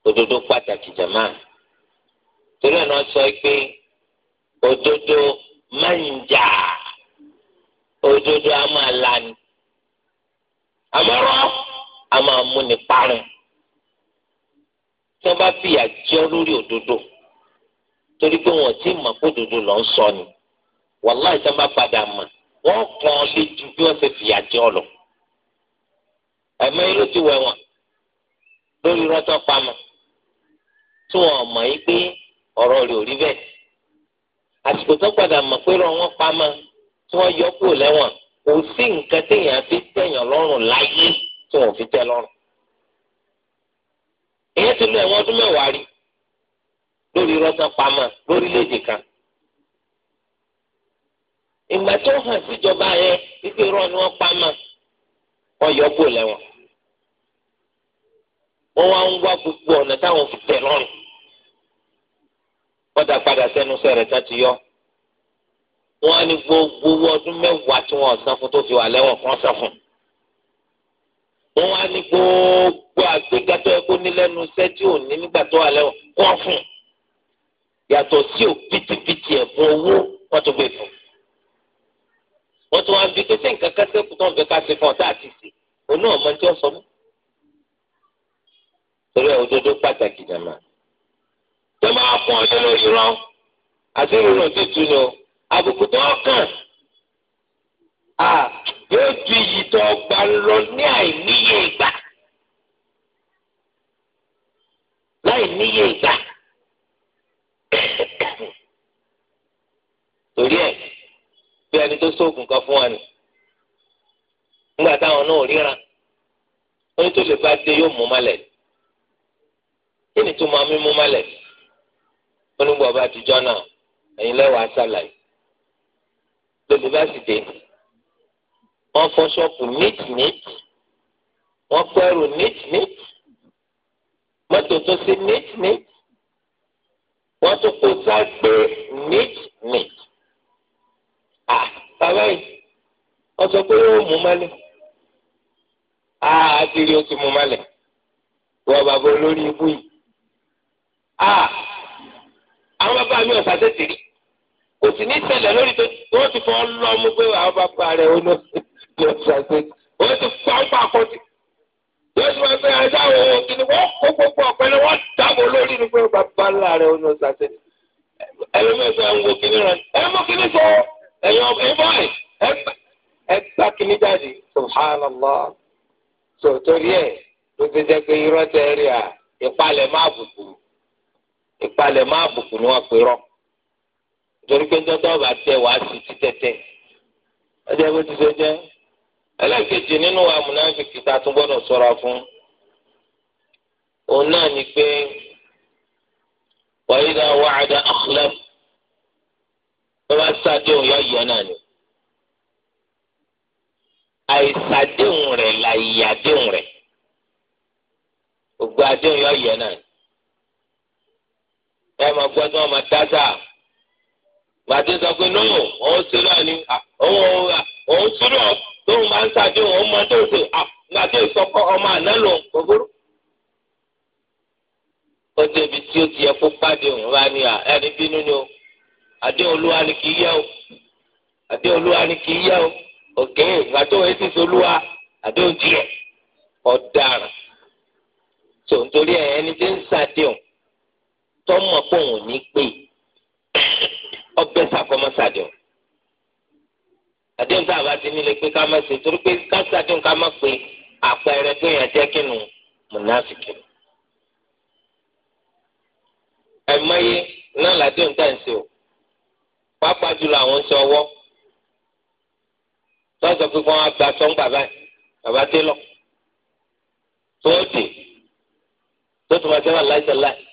òdodo pàtàkì jàmáà torí ẹ̀ náà sọ pé òdodo máa ń jà òdodo a máa lani àmọ́rọ́ a máa mú ní parun tí wọ́n bá fìyà jẹ lórí òdodo torí pé wọn ò tí ì mọ̀ pé òdodo ló ń sọ ni wàláì tí wọ́n bá padà mọ̀ wọ́n kàn án léjú bí wọ́n ṣe fìyà jẹ ọ lọ ẹ̀mọ́ ló ti wẹ̀ wọ́n lórí rọ́tọ́ pamọ́ tí wọ́n mọ̀ yí pé. ọ̀rọ̀ rẹ̀ ò rí bẹ́ẹ̀ àsìkò tó padà mọ̀ pé rọ wọn pamọ́ tí wọ́n yọ kúrò lẹ́wọ̀n kò sí nǹkan téèyàn fi tẹ̀yàn lọ́rùn láyé tí wọ́n fi tẹ́ lọ́rùn. èyí ti lo ẹ̀wọ̀n ọdún mẹ́wàá rí lórí rọ́tàn pamọ́ lórílẹ̀‐èdè kan. ìgbà tó hàn síjọba yẹn wípé rọ ni wọ́n pamọ́ wọ́n yọ kúrò lẹ́wọ̀n. wọ́n wá ń wá gbogbo wọ́n dá padà sẹ́nu sẹ́rẹ̀ tá ti yọ. wọ́n ní gbogbo owó ọdún mẹ́wàá tí wọ́n san fún tó fi wà lẹ́wọ̀n kan san fún. wọ́n wá ní gbogbo àgbéga tó yẹ kó ní lẹ́nu iṣẹ́ tí ò ní nígbà tó wà lẹ́wọ̀n kọ́ fún. yàtọ̀ sí ò pìtìpìtì ẹ̀bùn owó wọ́n tó gbé fún. wọ́n tún wá bí pé sẹ́yìn kankan sẹ́kù tó ń ká ṣe fún ọ̀tá àti ìsìn òun náà tí wọ́n sọ mọ́. torí tó máa kún ọdún lórí rán àti ìrùnà tuntun ni o àbùkù tó kàn á yóò ju iyì tó gbà lọ ní àìníye ìgbà láì níye ìgbà torí ẹ bí ẹni tó sóògùn kan fún wa ni nígbà táwọn náà ríran ó ní tó lè bá dé yóò mú malẹ̀ kí ni tó máa mímú malẹ̀ onígbà ọba àtijọ́ náà ẹ̀yin lẹ́wàá sàlàyé lóbi bá sì dé wọ́n fọ́ ṣọ́ọ̀pù nítìnítì wọ́n kó ẹrù nítìnítì mọ́tò tó sí nítìnítì wọ́n tún kó sáàgbé nítìnítì à bàbá yìí wọ́n sọ pé ó mú malẹ̀ à á ti rí o ti mú malẹ̀ wọ́n bàbá olórí ibú yìí à àwọn bàbá mi ọ̀sà tètè rí kò sì ní ṣẹlẹ̀ lórí tó wọ́n ti fọ́ lọ́ mú pé àwọn bàbá rẹ̀ ó lọ sí ọ̀sà tètè wọ́n ti fọ́ àwọn àkọ́tì yóò ti máa gbé ajá òun kí ni wọ́n kó gbogbo ọ̀pẹ́lẹ́ wọ́n dáàbò lórí ni pé bàbá ńlá rẹ̀ ó lọ sí ọ̀sà tètè ẹlòmíràn sọ àwọn òkìní rẹ ẹ mú kíní sọ ẹ̀yàn ẹ̀bọ̀n ẹ gbà kíní jáde subhanallah sọ torí ẹ ló ti jẹ pé irọ́ tẹ ẹ rí à ìpalẹ̀ má bùkù ìpalẹ̀ máa bùkún ni wọ́n pe rọ́ torí pé ńdọ́dọ́ bá tẹ wàá sí ti tẹ́tẹ́ ọjọ́ bó ti wa múnáfíkì tá tún gbọ́dọ̀ sọ́ra fún òun náà ni pé wàá yíra wàhádà akhlaf tó bá yọ náà ni àìṣàdéhùn rẹ̀ là ìyàdéhùn rẹ̀ gbogbo àdéhùn yọ ẹ máa gbọ́ tí wọ́n máa dáadáa màdé sọ pé ni máa ń sàdé máa ọmọ àná ó débi tí ó ti ní o àdé olúwa ni kì í yẹ o àdé olúwa ni kì í yẹ o òkè òun àdé òun ọ̀daràn tòun torí ẹni tí ń tọmọ pé òun ní pé ọbẹ sàkọmọsàdùn àdéhùn tá a bá ti nílé pé ká má ṣe torí pé ká sàdùn ká má pé àpẹẹrẹ pé èèyàn jẹ́ kínú mùnáfìkì ẹ̀mọ́yé náà làdéhùn tá à ń ṣe o pápá jùlọ àwọn ń ṣe ọwọ́ tọ́sọ̀ pé wọ́n á gba sọ́n bàbá ẹ̀ bàbá télọ̀ tó dì tó tó máa jẹ́ wà láìsẹ̀ láì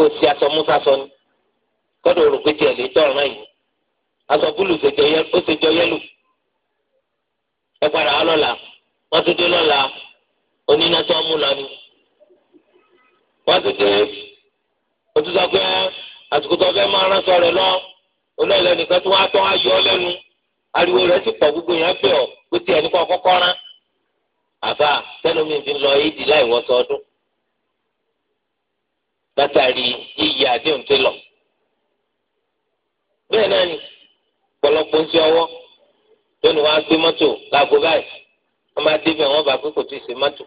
o ṣe aṣọ musa sọ ni kọ́dọ̀ rò pé tiẹ̀ lè tọ̀rọ̀ náà yìí aṣọ búlù ó ṣe jọ yẹ́lò ẹ padà wá lọ́la wọ́n tún dé lọ́la oníná tó mú lọ ni wọ́n tún dé o tún sọ pé àsìkò tó fẹ́ máa ránṣọ rẹ̀ lọ olóòlẹ̀ nìkan tí wọ́n á tọ́ wá yọ ọ lẹ́nu ariwo rẹ̀ ti pọ̀ gbogbo yẹn bẹ̀ ọ́ pé tiẹ̀ nípa kọ́kọ́ rán àbá tẹ́lómi fi lọ éèdì láì wọ́sọ ọdún látàrí iyì àdéhùn tó lọ. bẹ́ẹ̀ náà ni ọ̀pọ̀lọpọ̀ ń ṣe ọwọ́ lónìí wàá gbé mọ́tò láago báyìí wọ́n bá débẹ̀ wọ́n bá pé kò tí ì ṣe mọ́tò.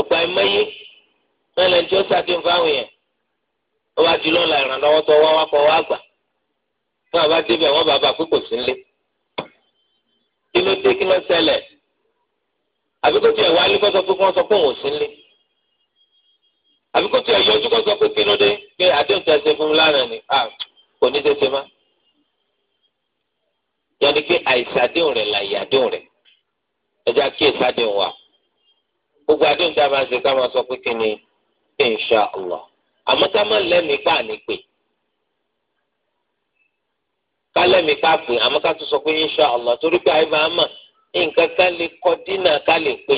ọ̀pọ̀ àìmọye náà lẹ́yìn tí ó ṣàdéhùn fáwọn èèyàn wọ́n bá di lọ́la ìrànlọ́wọ́ tó wá wákọ̀ wá gbà wọ́n bá débẹ̀ wọ́n bá bá kò sí nílé. kí ló dé kí ló ṣẹlẹ̀ àbíkó tiẹ̀ wá lé kó pé kí wọ́n sọ pé òun ò sí nílé àbí kò tí ẹ yọjú kó sọ pé kí ló dé pé àdéhùn tẹ ṣe fún mi lánàá ni ah, kò ní tẹ ṣe má. yọni pé àìsàdéhùn rẹ̀ làyè àdéhùn rẹ̀ ẹja kí ìsàdéhùn wa gbogbo àdéhùn tá a máa ṣe ká máa sọ pé kí ni insha allah àmọ́ ká má lẹ́mìí pa àní pè ká lẹ́mìí pa pè àmọ́ ká tún sọ pé insha allah torí pé àyè máa mà nǹkan ká lè kọ dínà ká lè pè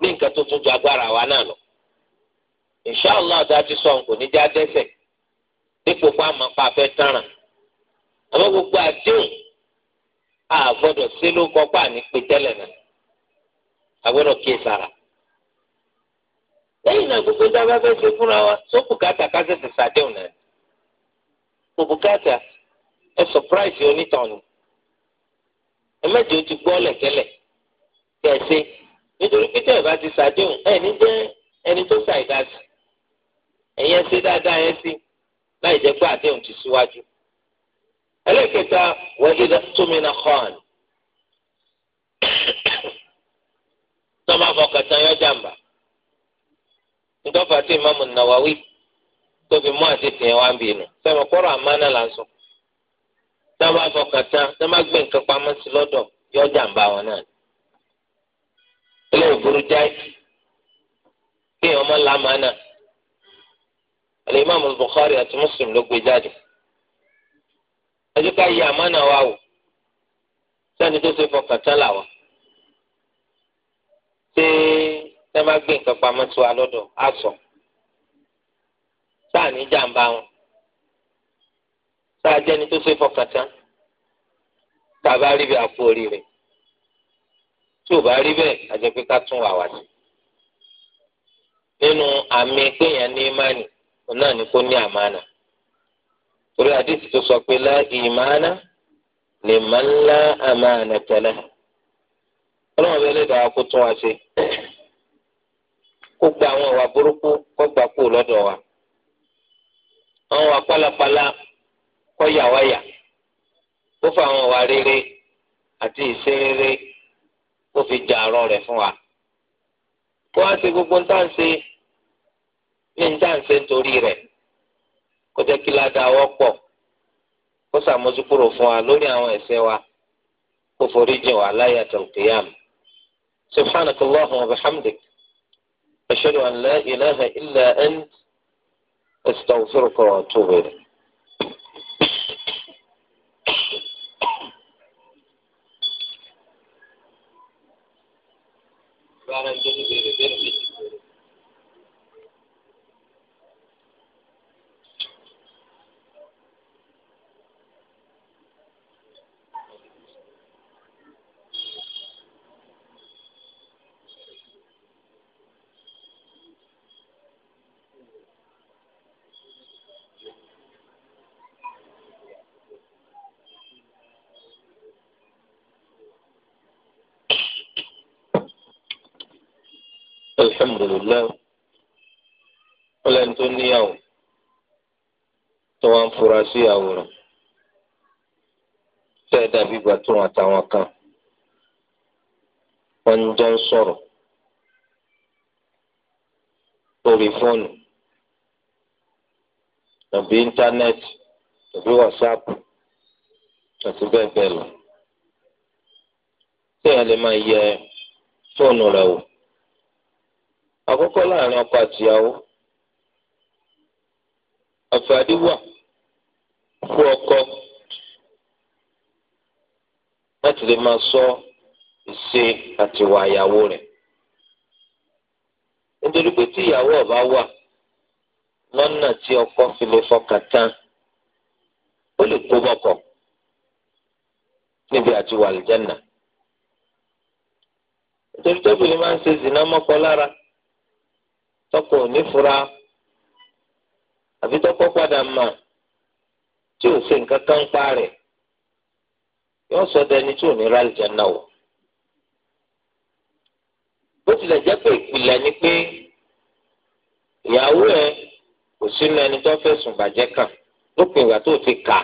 ní nǹkan tó tún ju agbára wa náà lọ. inshallah dájú sọ̀n kò ní já dẹ́sẹ̀ dípò pa àmọ́ fẹ́ tán a sí ló ní pé tẹ́lẹ̀ náà a gbọ́dọ̀ kíyè sára. lẹ́yìn náà gbogbo dábàá fẹ́ ṣe fúnra wa tó bùkátà ká ṣẹ̀ṣẹ̀ náà kò bùkátà ẹ sọpráìsì onítàn ni ẹ mẹ́jọ ti gbọ́ lẹ̀tẹ́lẹ̀ kẹ̀sí nítorí pété ti ẹ̀yẹn ṣe dáadáa yẹn sí láì jẹ́ pé àdéhùn ti síwájú. ẹlẹ́kẹta wẹ́ẹ́dẹ́dẹ́ tómìnà khan tọ́mà fọkàtàn yọ jàmbá ntọ́fà tí ìmáàmù Nawawi tóbi mú àtẹ̀tẹ̀ wá ń bì nù sẹ́mi kọ́rọ̀ àmánà là ń sọ tọ́mà fọkàtàn tọ́mà gbé nǹkan pamọ́ sí lọ́dọ̀ yọ jàmbá wọn náà ilé ìburú jáì kí èèyàn mọ́ làmánà alimami Bukhari àti Muslim ló gbé jáde ẹjọ́ ká yí àmánà wa wò sani tó ṣe fọkàn tán là wá ṣé ṣé má gbé nǹkan pamọ́ sí wa lọ́dọ̀ á sọ sáà ní jàǹbá wọn sáà jẹ́ni tó ṣe fọkàn tán tàbá rí bẹ́ẹ̀ àpò oríire tí ò bá rí bẹ́ẹ̀ àjẹpẹ́ ká tún wà wá sí nínú àmì péyàn ní mánì òun náà ní kó ní àmánà torí àdìsí tó sọ pé lá ìmánà lè má ńlá àmánà tẹlẹ ọlọ́run bẹ́ẹ̀ lè dá wa kó tún wa ṣe kó gba àwọn ìwà burúkú kó gbà kú lọ́dọ̀ wa àwọn ìwà pálapàla kó yà wá kó fa àwọn ìwà rere àti ìṣe rere kó fi jà àárọ̀ rẹ̀ fún wa kó wá ṣe gbogbo ń tà ń ní dáǹsẹ̀ nítorí rẹ̀ kó jẹ́ kí ládàá wọ́pọ̀ kó sàmójúkúrò fún wa lórí àwọn ẹ̀ṣẹ̀ wa kó forí jìn wá láyé سبحانك اللهم وبحمدك أشهد أن لا إله إلا أنت أستغفرك وأتوب إليك alhamdulilayi wọn lẹni tó níyàwó tó wá ń fura sí ìyàwó rẹ̀ tẹ ẹ dàbí ìgbà tó wọn àtàwọn kan wọn jọ ń sọ̀rọ̀ lórí fóònù tàbí íńtánẹ́ẹ̀tì tàbí wàsáàpù àti bẹ́ẹ̀ bẹ́ẹ̀ lọ. Ṣé ẹ lè máa yẹ fóònù rẹ wò? àkọ́kọ́ láàrin ọkọ àtìyàwó àǹfààní wà fún ọkọ láti lè máa sọ ìṣe àti ìwà ìyàwó nítorí pé tí ìyàwó ọba wà lọ́nà tí ọkọ fi lè fọkàn tán ó lè kó níbi àti wà lìjánà nítorí tóbi tọkọ òní fura àbí tọkọ padà mà tí ò se nǹkan kan pa rẹ̀ yóò sọ dẹni tí ò ní ra àlùjánnà wọ̀ bó tilẹ̀ jẹ́ pé ìpìlẹ̀ ni pé ìyàwó ẹ̀ kò sínú ẹni tó fẹ̀sùn bàjẹ́ kàn lópin ìgbà tó ti kà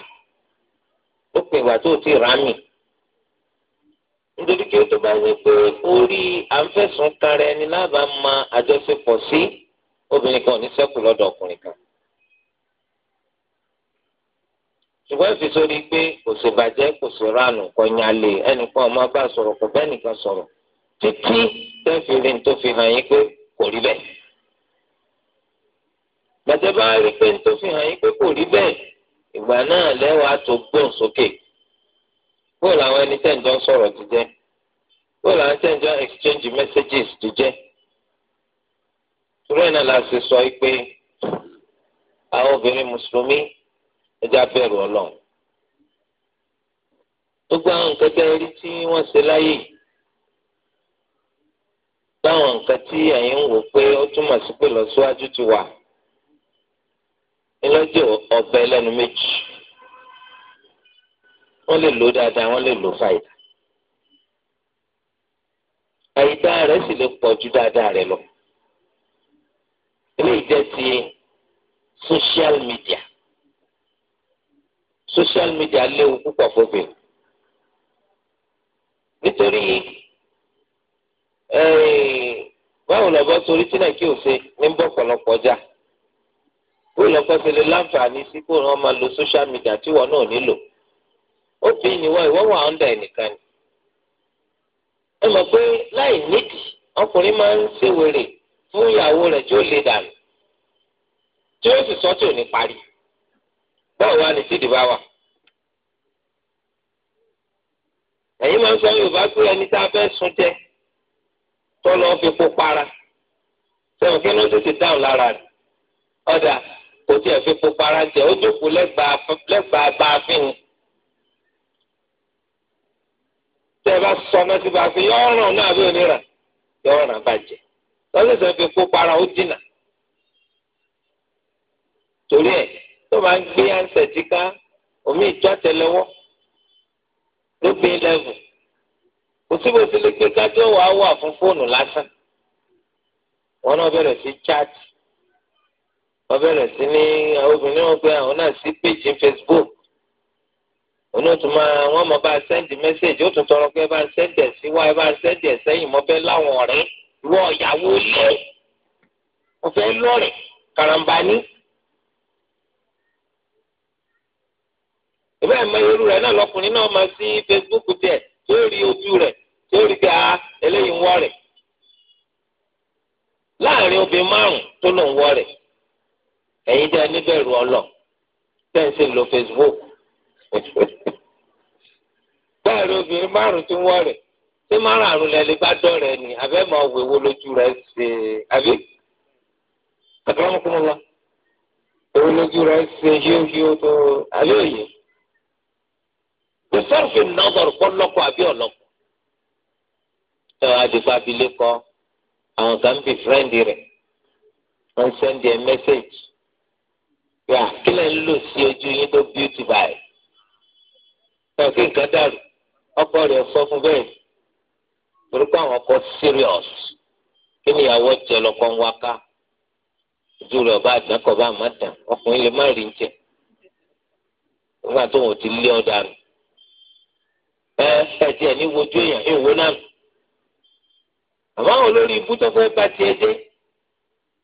lópin ìgbà tó ti rà mí nítorí kí o tó bá yẹ pé Si obìnrin kan ò ní ṣẹ́kù lọ́dọ̀ ọkùnrin kan ṣùgbọ́n fi sórí pé kò sì bàjẹ́ kò sì ránù kò nyàlè ẹnìkan ọmọ bá sọ̀rọ̀ kò bẹ́ẹ̀ nìkan sọ̀rọ̀ títí tẹ́fì tó fi hàn yín pé kò rí bẹ́ẹ̀. bàjẹ́ bá rí pé tó fi yín pé kò rí bẹ́ẹ̀ ìgbà náà lẹ́wàá tó gbọ̀n sókè bóòlù àwọn ẹni njọ sọ̀rọ̀ ti jẹ́ bóòlù àwọn tẹ́ǹjọ́ exchange messages torí ẹ̀ náà la ṣe sọ pé àwọn obìnrin mùsùlùmí ẹja bẹ̀rù ọlọ́run gbogbo àwọn nǹkan tẹ́ rí tí wọ́n ṣe láyè láwọn nǹkan tí ẹ̀yin ń wò pé ó túmọ̀ sí pé lọ́síwájú ti wà nílọ́jọ́ ọ̀bẹ lẹ́nu méjì wọ́n lè lò dáadáa wọ́n lè lò fàyè àyíká rẹ̀ sì lè pọ̀ ju dáadáa rẹ̀ lọ. eléyìí ije ti social media social media léwu púpọ̀ fóbìn nítorí báwo lọ́bọ̀ torí tí nàìjíríà ò ṣe ní bọ́ pọ̀lọpọ̀ jà bó lọ́kọ́ ṣe lè láǹfààní sí kó lo social media tí wọ́n náà nílò ó fi ìníwọ́ ìwọ́wọ́ àwọn ọ̀dà ẹnìkan ni ẹ mọ̀ pé láì nídìí ọkùnrin máa ń fún ìyàwó rẹ̀ tí ó lè dànù tí ó sì sọ tí ò ní parí báwo wá ní sídìí bá wà. ẹ̀yin máa ń sọ Yorùbá pé ẹni tá a fẹ́ sun jẹ tó lọ fi po para sẹ́wọ̀n kí ló tètè dáhùn lára rẹ̀ ọ̀dà kò tiẹ̀ fi po para jẹ ó jókòó lẹ́gbàá bá a fi hàn. tẹ́ ẹ bá sọ ọmọ sí bá ọ̀ràn náà bí onírà yọ ọ̀ràn bàjẹ́. lọ́sẹ̀sẹ̀ fi kó para ó dínà torí ẹ tó máa ń gbé ansẹ̀tì ká omi ìjọ àtẹlẹwọ́ lóbin lẹ́vù kò síbò sí lè gbé kájọ́ wàá wà fún fóònù lásán wọn náà bẹ̀rẹ̀ sí chaati wọn bẹ̀rẹ̀ sí ní obìnrin wọn pé àwọn náà sí péjì Facebook wọn mọ bá ó tún tọrọ pé bá ẹ̀ sí bá ẹ̀ sẹ́yìn wọ ìyàwó lé ọ̀fẹ́ lọ́rẹ̀ karambani. ìbá ẹ̀ mọ rẹ rẹ̀ náà lọkùnrin náà máa sí Facebook tiẹ̀ tó rí ojú rẹ̀ tó rí pé a ah, eléyìí ń wọ́ láàrin obìnrin márùn [laughs] tó ń ẹ̀yin níbẹ̀rù ọlọ tẹ́ ń Facebook báyìí obìnrin márùn tó ṣé márààrún lẹ lè bá dọ̀rẹ́ ni àbẹ́ mọ wèwo lójú rẹ ṣe àbí àtàwọn òun lójú rẹ ṣe yíyó tó àbí òye kò sọ́ọ̀fì nọ́bọ̀rù kọ́ lọ́kọ̀ àbí ọ̀lọ́kọ̀ ẹ adìgbò abilé kọ àwọn kan bí fírẹ́ǹdì rẹ̀ wọ́n sẹ́ndì ẹ mẹ́sẹ̀gì pé àkílẹ̀ ń lò sí ojú yín tó bíútì báyìí ẹ kí nǹkan dàrú ọkọ rẹ̀ sọ fún bẹ́ẹ̀ torí pé àwọn ọkọ serious kí ni ìyàwó jẹ lọkọ ń wáká ojú rẹ ọba àdán kọ bá má dàn ọkùnrin lè má rí jẹ nígbà tó wọn ti lé ọdà nù ẹ ẹ tiẹ̀ ní wojú èèyàn èèwọ náà nù àmọ́ àwọn olórí ibú tó fẹ́ bá tiẹ̀ dé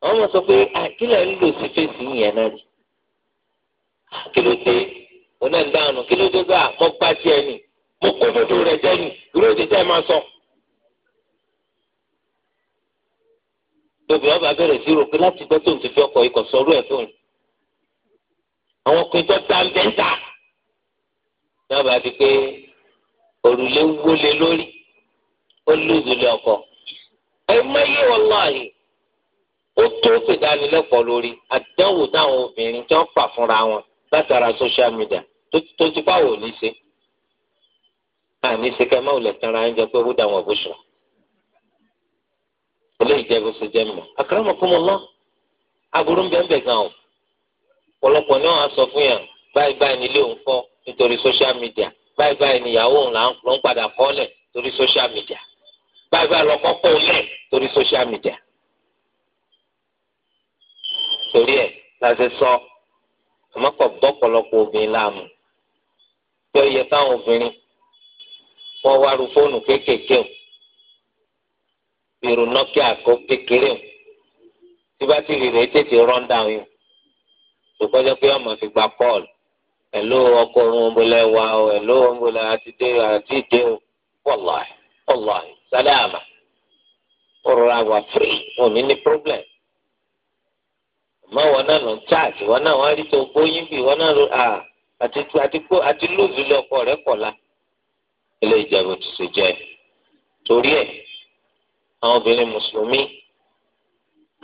àwọn ọmọ sọ pé àkílẹ̀ ń lò sí fèsì yẹn náà rí kí ló dé onáà ń dáhùn kí ló dé gbà mọ́ gbá tiẹ̀ nì mo kó dodo rẹ̀ jẹ́ nì ìró ìdíjẹ́ máa sọ. lóbi ọba bẹ̀rẹ̀ sí rò pé láti gbọ́ tó ń ti fi ọkọ̀ ikọ̀ sọ̀rọ̀ ẹ̀ fún un àwọn ọkùnrin tó ta ń bẹ́ńtà náà bá di pé òrùlé wọlé lórí ó lóògùn lé ọkọ̀ ẹ má yé wàláhì ó tó ṣèdánilẹ́kọ̀ọ́ lórí àdánwò táwọn obìnrin tó ń fà fúnra wọn látara social media tó ti báwò ní í ṣe àní ṣe kẹ́ máa wùlẹ̀ tán ara ẹ̀ ń jẹ pé ó dáwọn ọ̀bùsùn eléyìí jẹ́ bó ṣe jẹ́ mọ̀ akramakumullah aburú ń bẹ́ẹ̀ bẹ́ẹ̀ gan o ọ̀pọ̀lọpọ̀ ni wọ́n á sọ fún yàn báyìí báyìí nílé òun kọ́ nítorí social media báyìí báyìí níyàwó òun là ń padà kọ́lẹ̀ torí social media báyìí báyìí lọ́kọ́ kọ́ lẹ̀ torí social media torí ẹ̀ láti sọ àmọ́kọ̀ bọ́pọ̀lọpọ̀ obìnrin láàmú bí ó yẹ káwọn obìnrin wọ́n wá ru fóònù kéékèèké o irú nọ́kíà kó kékeré o tí bá ti rìn rè tètè rán dáhùn yìí tòkọ́jọ́ pé ọmọ fi gba paul ẹ̀ló ọkọ wa o ẹ̀ló ọ̀bọ̀lẹ̀ àti dé àti dé o wàláì wàláì sálámà ọ̀rọ̀ àwà fírí òní ní problem àmọ́ wọn náà lọ ń wọn náà wọn á rẹ àwọn obìnrin mùsùlùmí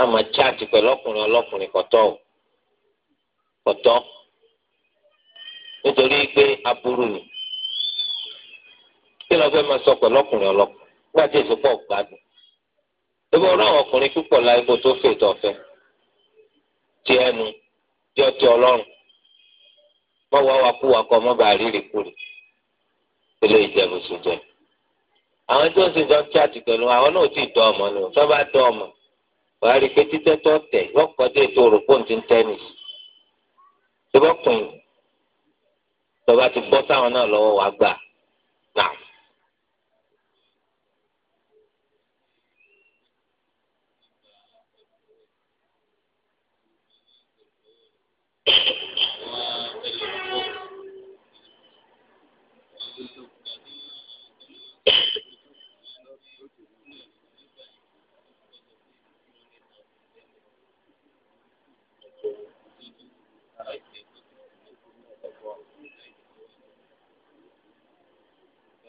a máa chaati pẹ̀lú ọkùnrin ọlọ́kùnrin kọ̀tọ́ o kọ̀tọ́ nítorí pé aburú ni kí lọ́ọ́ fẹ́ máa sọ pẹ̀lú ọkùnrin ọlọ́kùnrin nígbà tí èso pọ̀ gbádùn ebi ọ̀rọ̀ àwọn ọkùnrin púpọ̀ láì kó tó fè tó fẹ́ tí ẹnu tí ó ti ọlọ́run mọ́ wá wa kú wa kọ́ mọ́ bàa rírì kúrì ilé ìjẹ́bùsùn jẹ́ àwọn tó ń ṣe dọ́kítàtì pẹ̀lú àwọn náà ti dọ́ ọmọ ni tó bá dọ́ ọmọ wàá rí i pé títẹ́ tó tẹ̀ lọ́pọ̀ dé ètò òrùpọ̀ ti ń tẹ́nì tó bá pin tó bá ti bọ́ sáwọn náà lọ́wọ́ wàá gbà náà.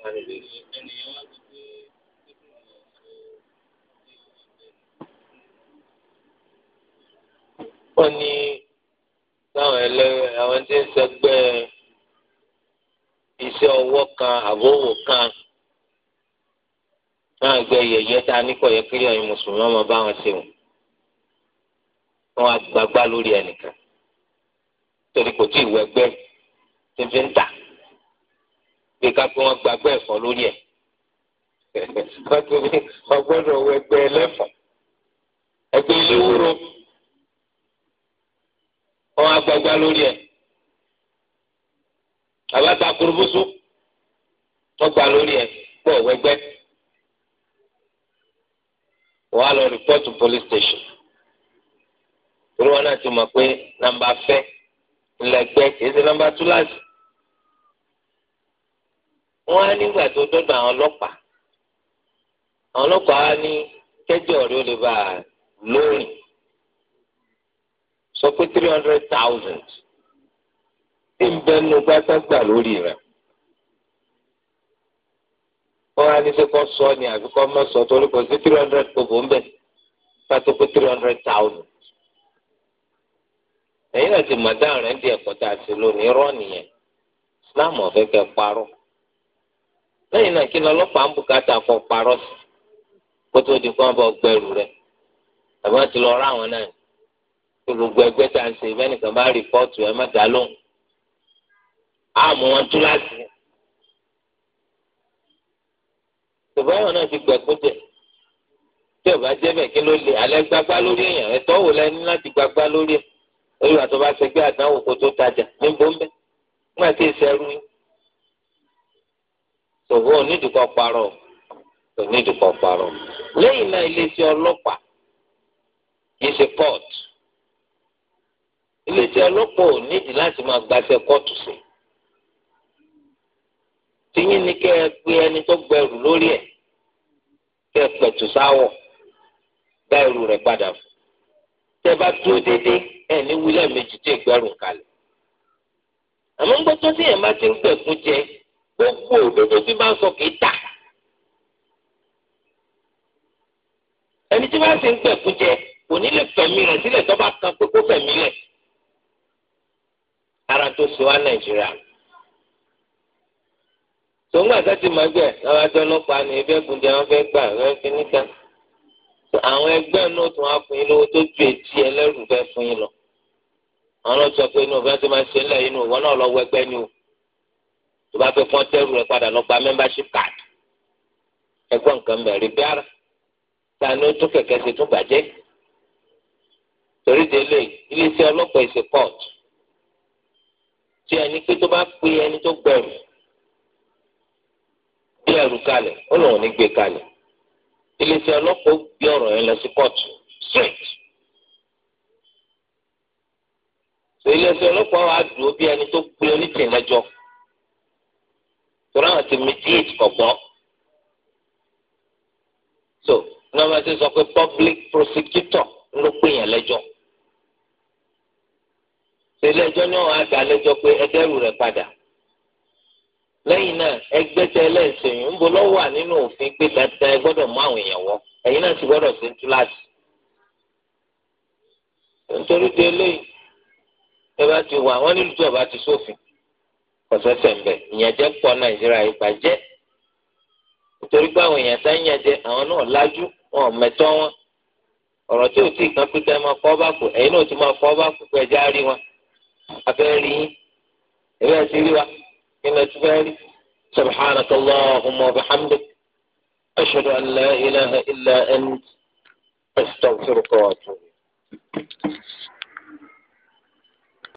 àní lè ṣe. wọ́n ní táwọn ẹlẹ́wẹ̀ àwọn tí ń sẹgbẹ́ iṣẹ́ ọwọ́ kan àbówò kan náà gbé yẹyẹ tá a níkọ̀ yẹ kí ẹ̀yin mùsùlùmí ọmọ bá wọn ṣe wọn wọn àgbàgbà lórí ẹnìkan torí kò tí ì wẹgbẹ́ tí fi ń tà bí ká pé wọ́n gbàgbọ́ ẹ̀fọn lórí ẹ̀ [laughs] wọ́n ti ní ọgbọ́dọ̀ wọ ẹgbẹ́ ẹlẹ́fọn ẹgbẹ́ ilé wúro wọ́n á gbàgbá lórí ẹ̀ àbáta kurubusu wọ́n gbà lórí ẹ̀ pọ̀ wẹ́gbẹ́ wọ́n á lọ rìpọ́tù police station torí wọn náà ti mọ̀ pé nàmbà fẹ́ ńlẹgbẹ́ kìí ṣe nàmbà túláàsì. wọ́n á nígbà tó dọ́dọ̀ àwọn ọlọ́pàá àwọn ọlọ́pàá á ní kẹ́jọ́ rẹ̀ lè bá a lóyìn sọ pé three hundred thousand tí ń bẹ́ nu gbàgbà lórí rẹ̀ wọ́n á ní sẹ́ kọ́ sọ ni àbí kọ́ mọ́ sọ torí kò sí three hundred kobo ń bẹ̀ pàtó pé three hundred thousand ẹ̀yin náà ti mọ̀ dáhùn rẹ̀ ń di ẹ̀kọ́ tá a ti lónìí rọ́ nìyẹn Islam ọ̀fẹ́ kẹ́ parọ́. lẹ́yìn náà kí ni ọlọ́pàá ń bùkátà fọ parọ́ sí kó tó di kán bọ́ gbẹrù rẹ̀ àbí wọ́n ti lọ rá àwọn náà kí gbogbo ẹgbẹ́ tá à ń ṣe mẹ́nìkan bá rìpọ́ọ̀tù ẹ̀ má dá lóhùn àmọ́ wọn tú láti. tòbáyọ̀ náà ti gbẹ̀kún jẹ tí ọba jẹ́ bẹ́ẹ̀ kí ló lè alẹ́ gbagbá lórí èèyàn ẹ̀tọ́ wò lẹ́ni láti gbagbá lórí ẹ̀ olùwàtò bá ṣe gbé àdánwò kó tó tajà níbo ń bẹ́ tòwó onídùúkọ parọ́ onídùúkọ parọ́ lẹ́yìn náà iléeṣẹ́ ọlọ́pàá kì í ṣe court iléeṣẹ́ ọlọ́pàá ò nídìí láti máa gbaṣẹ́ kóòtù sí tìyín ni kẹ́ ẹ pé ẹni tó gbẹrù lórí ẹ̀ kẹ́ ẹ pẹ̀tù sáwọ̀ dá ẹrù rẹ̀ padà fún tẹ́ bá dúró déédéé ẹ ní wílẹ̀ méjì tí ìgbẹ́rùn kalẹ̀ àmọ́ ń gbọ́ tó tí yẹn bá ti ń gbẹ̀kún jẹ gbogbo òdodo tí bá ń sọ kìí tà ẹni tí bá ń ṣe ń gbẹ̀kú jẹ kò ní lè fẹ̀mí rẹ̀ sílẹ̀ tó bá kan pé kó fẹ̀mí rẹ̀ ara tó so wá nàìjíríà tòun àti àti màgbẹ àwọn àti ọlọ́pàá ní ẹgbẹ́ kúndé wọn fẹ́ẹ́ gbà wọn fi níta àwọn ẹgbẹ́ náà tún á fún yín lówó tó ju etí ẹlẹ́rù fẹ́ fún yín lọ àwọn náà pé inú òfin àti máa ṣe ńlẹ inú ìwọ náà lọ ẹgbẹ́ ni o tó bá fẹ́ fún ọtẹ́rù rẹ padà lọ gba membership card ẹgbọ́n nǹkan mẹ́rin bí ara ta ni ó tún kẹ̀kẹ́ ṣe tún bàjẹ́ torí délé iléeṣẹ́ ọlọ́pàá ìṣe court tí ẹni pé tó bá pe ẹni tó gbẹ̀rù bí ẹrù kalẹ̀ ó lòun ní gbé kalẹ̀ iléeṣẹ́ ọlọ́pàá ó gbé ọ̀rọ̀ yẹn lọ sí court straight. iléeṣẹ́ ọlọ́pàá wa dùn ó bí ẹni tó gbé onítìlẹ́jọ́. torí àwọn ti mediate kọ̀ so ní wọ́n bá ti sọ pé public prosecutor ló pè yàn lẹ́jọ́ ilé-ẹjọ́ náà á dá lẹ́jọ́ pé ẹdẹ́rù rẹ̀ padà lẹ́yìn náà ẹgbẹ́ tẹ ẹlẹ́sìn yìí ń bo lọ́wọ́ nínú òfin pé dandan ẹ gbọ́dọ̀ mú àwọn èèyàn ẹ̀yin náà gbọ́dọ̀ sí túláàsì nítorí délé ẹ bá ti wà wọ́n nílùú tí kọ̀sẹ́sẹ̀ ń bẹ̀ ìyànjẹ pọ̀ nàìjíríà ìbàjẹ́ nítorí pé àwọn èèyàn sáyẹn yẹn jẹ àwọn náà lájú wọn ò mẹtọ wọn ọ̀rọ̀ tí ò tí kan pé máa bá kù náà ti máa fọ́ bá kù pé ẹja rí wọn afẹ́ rí yín rí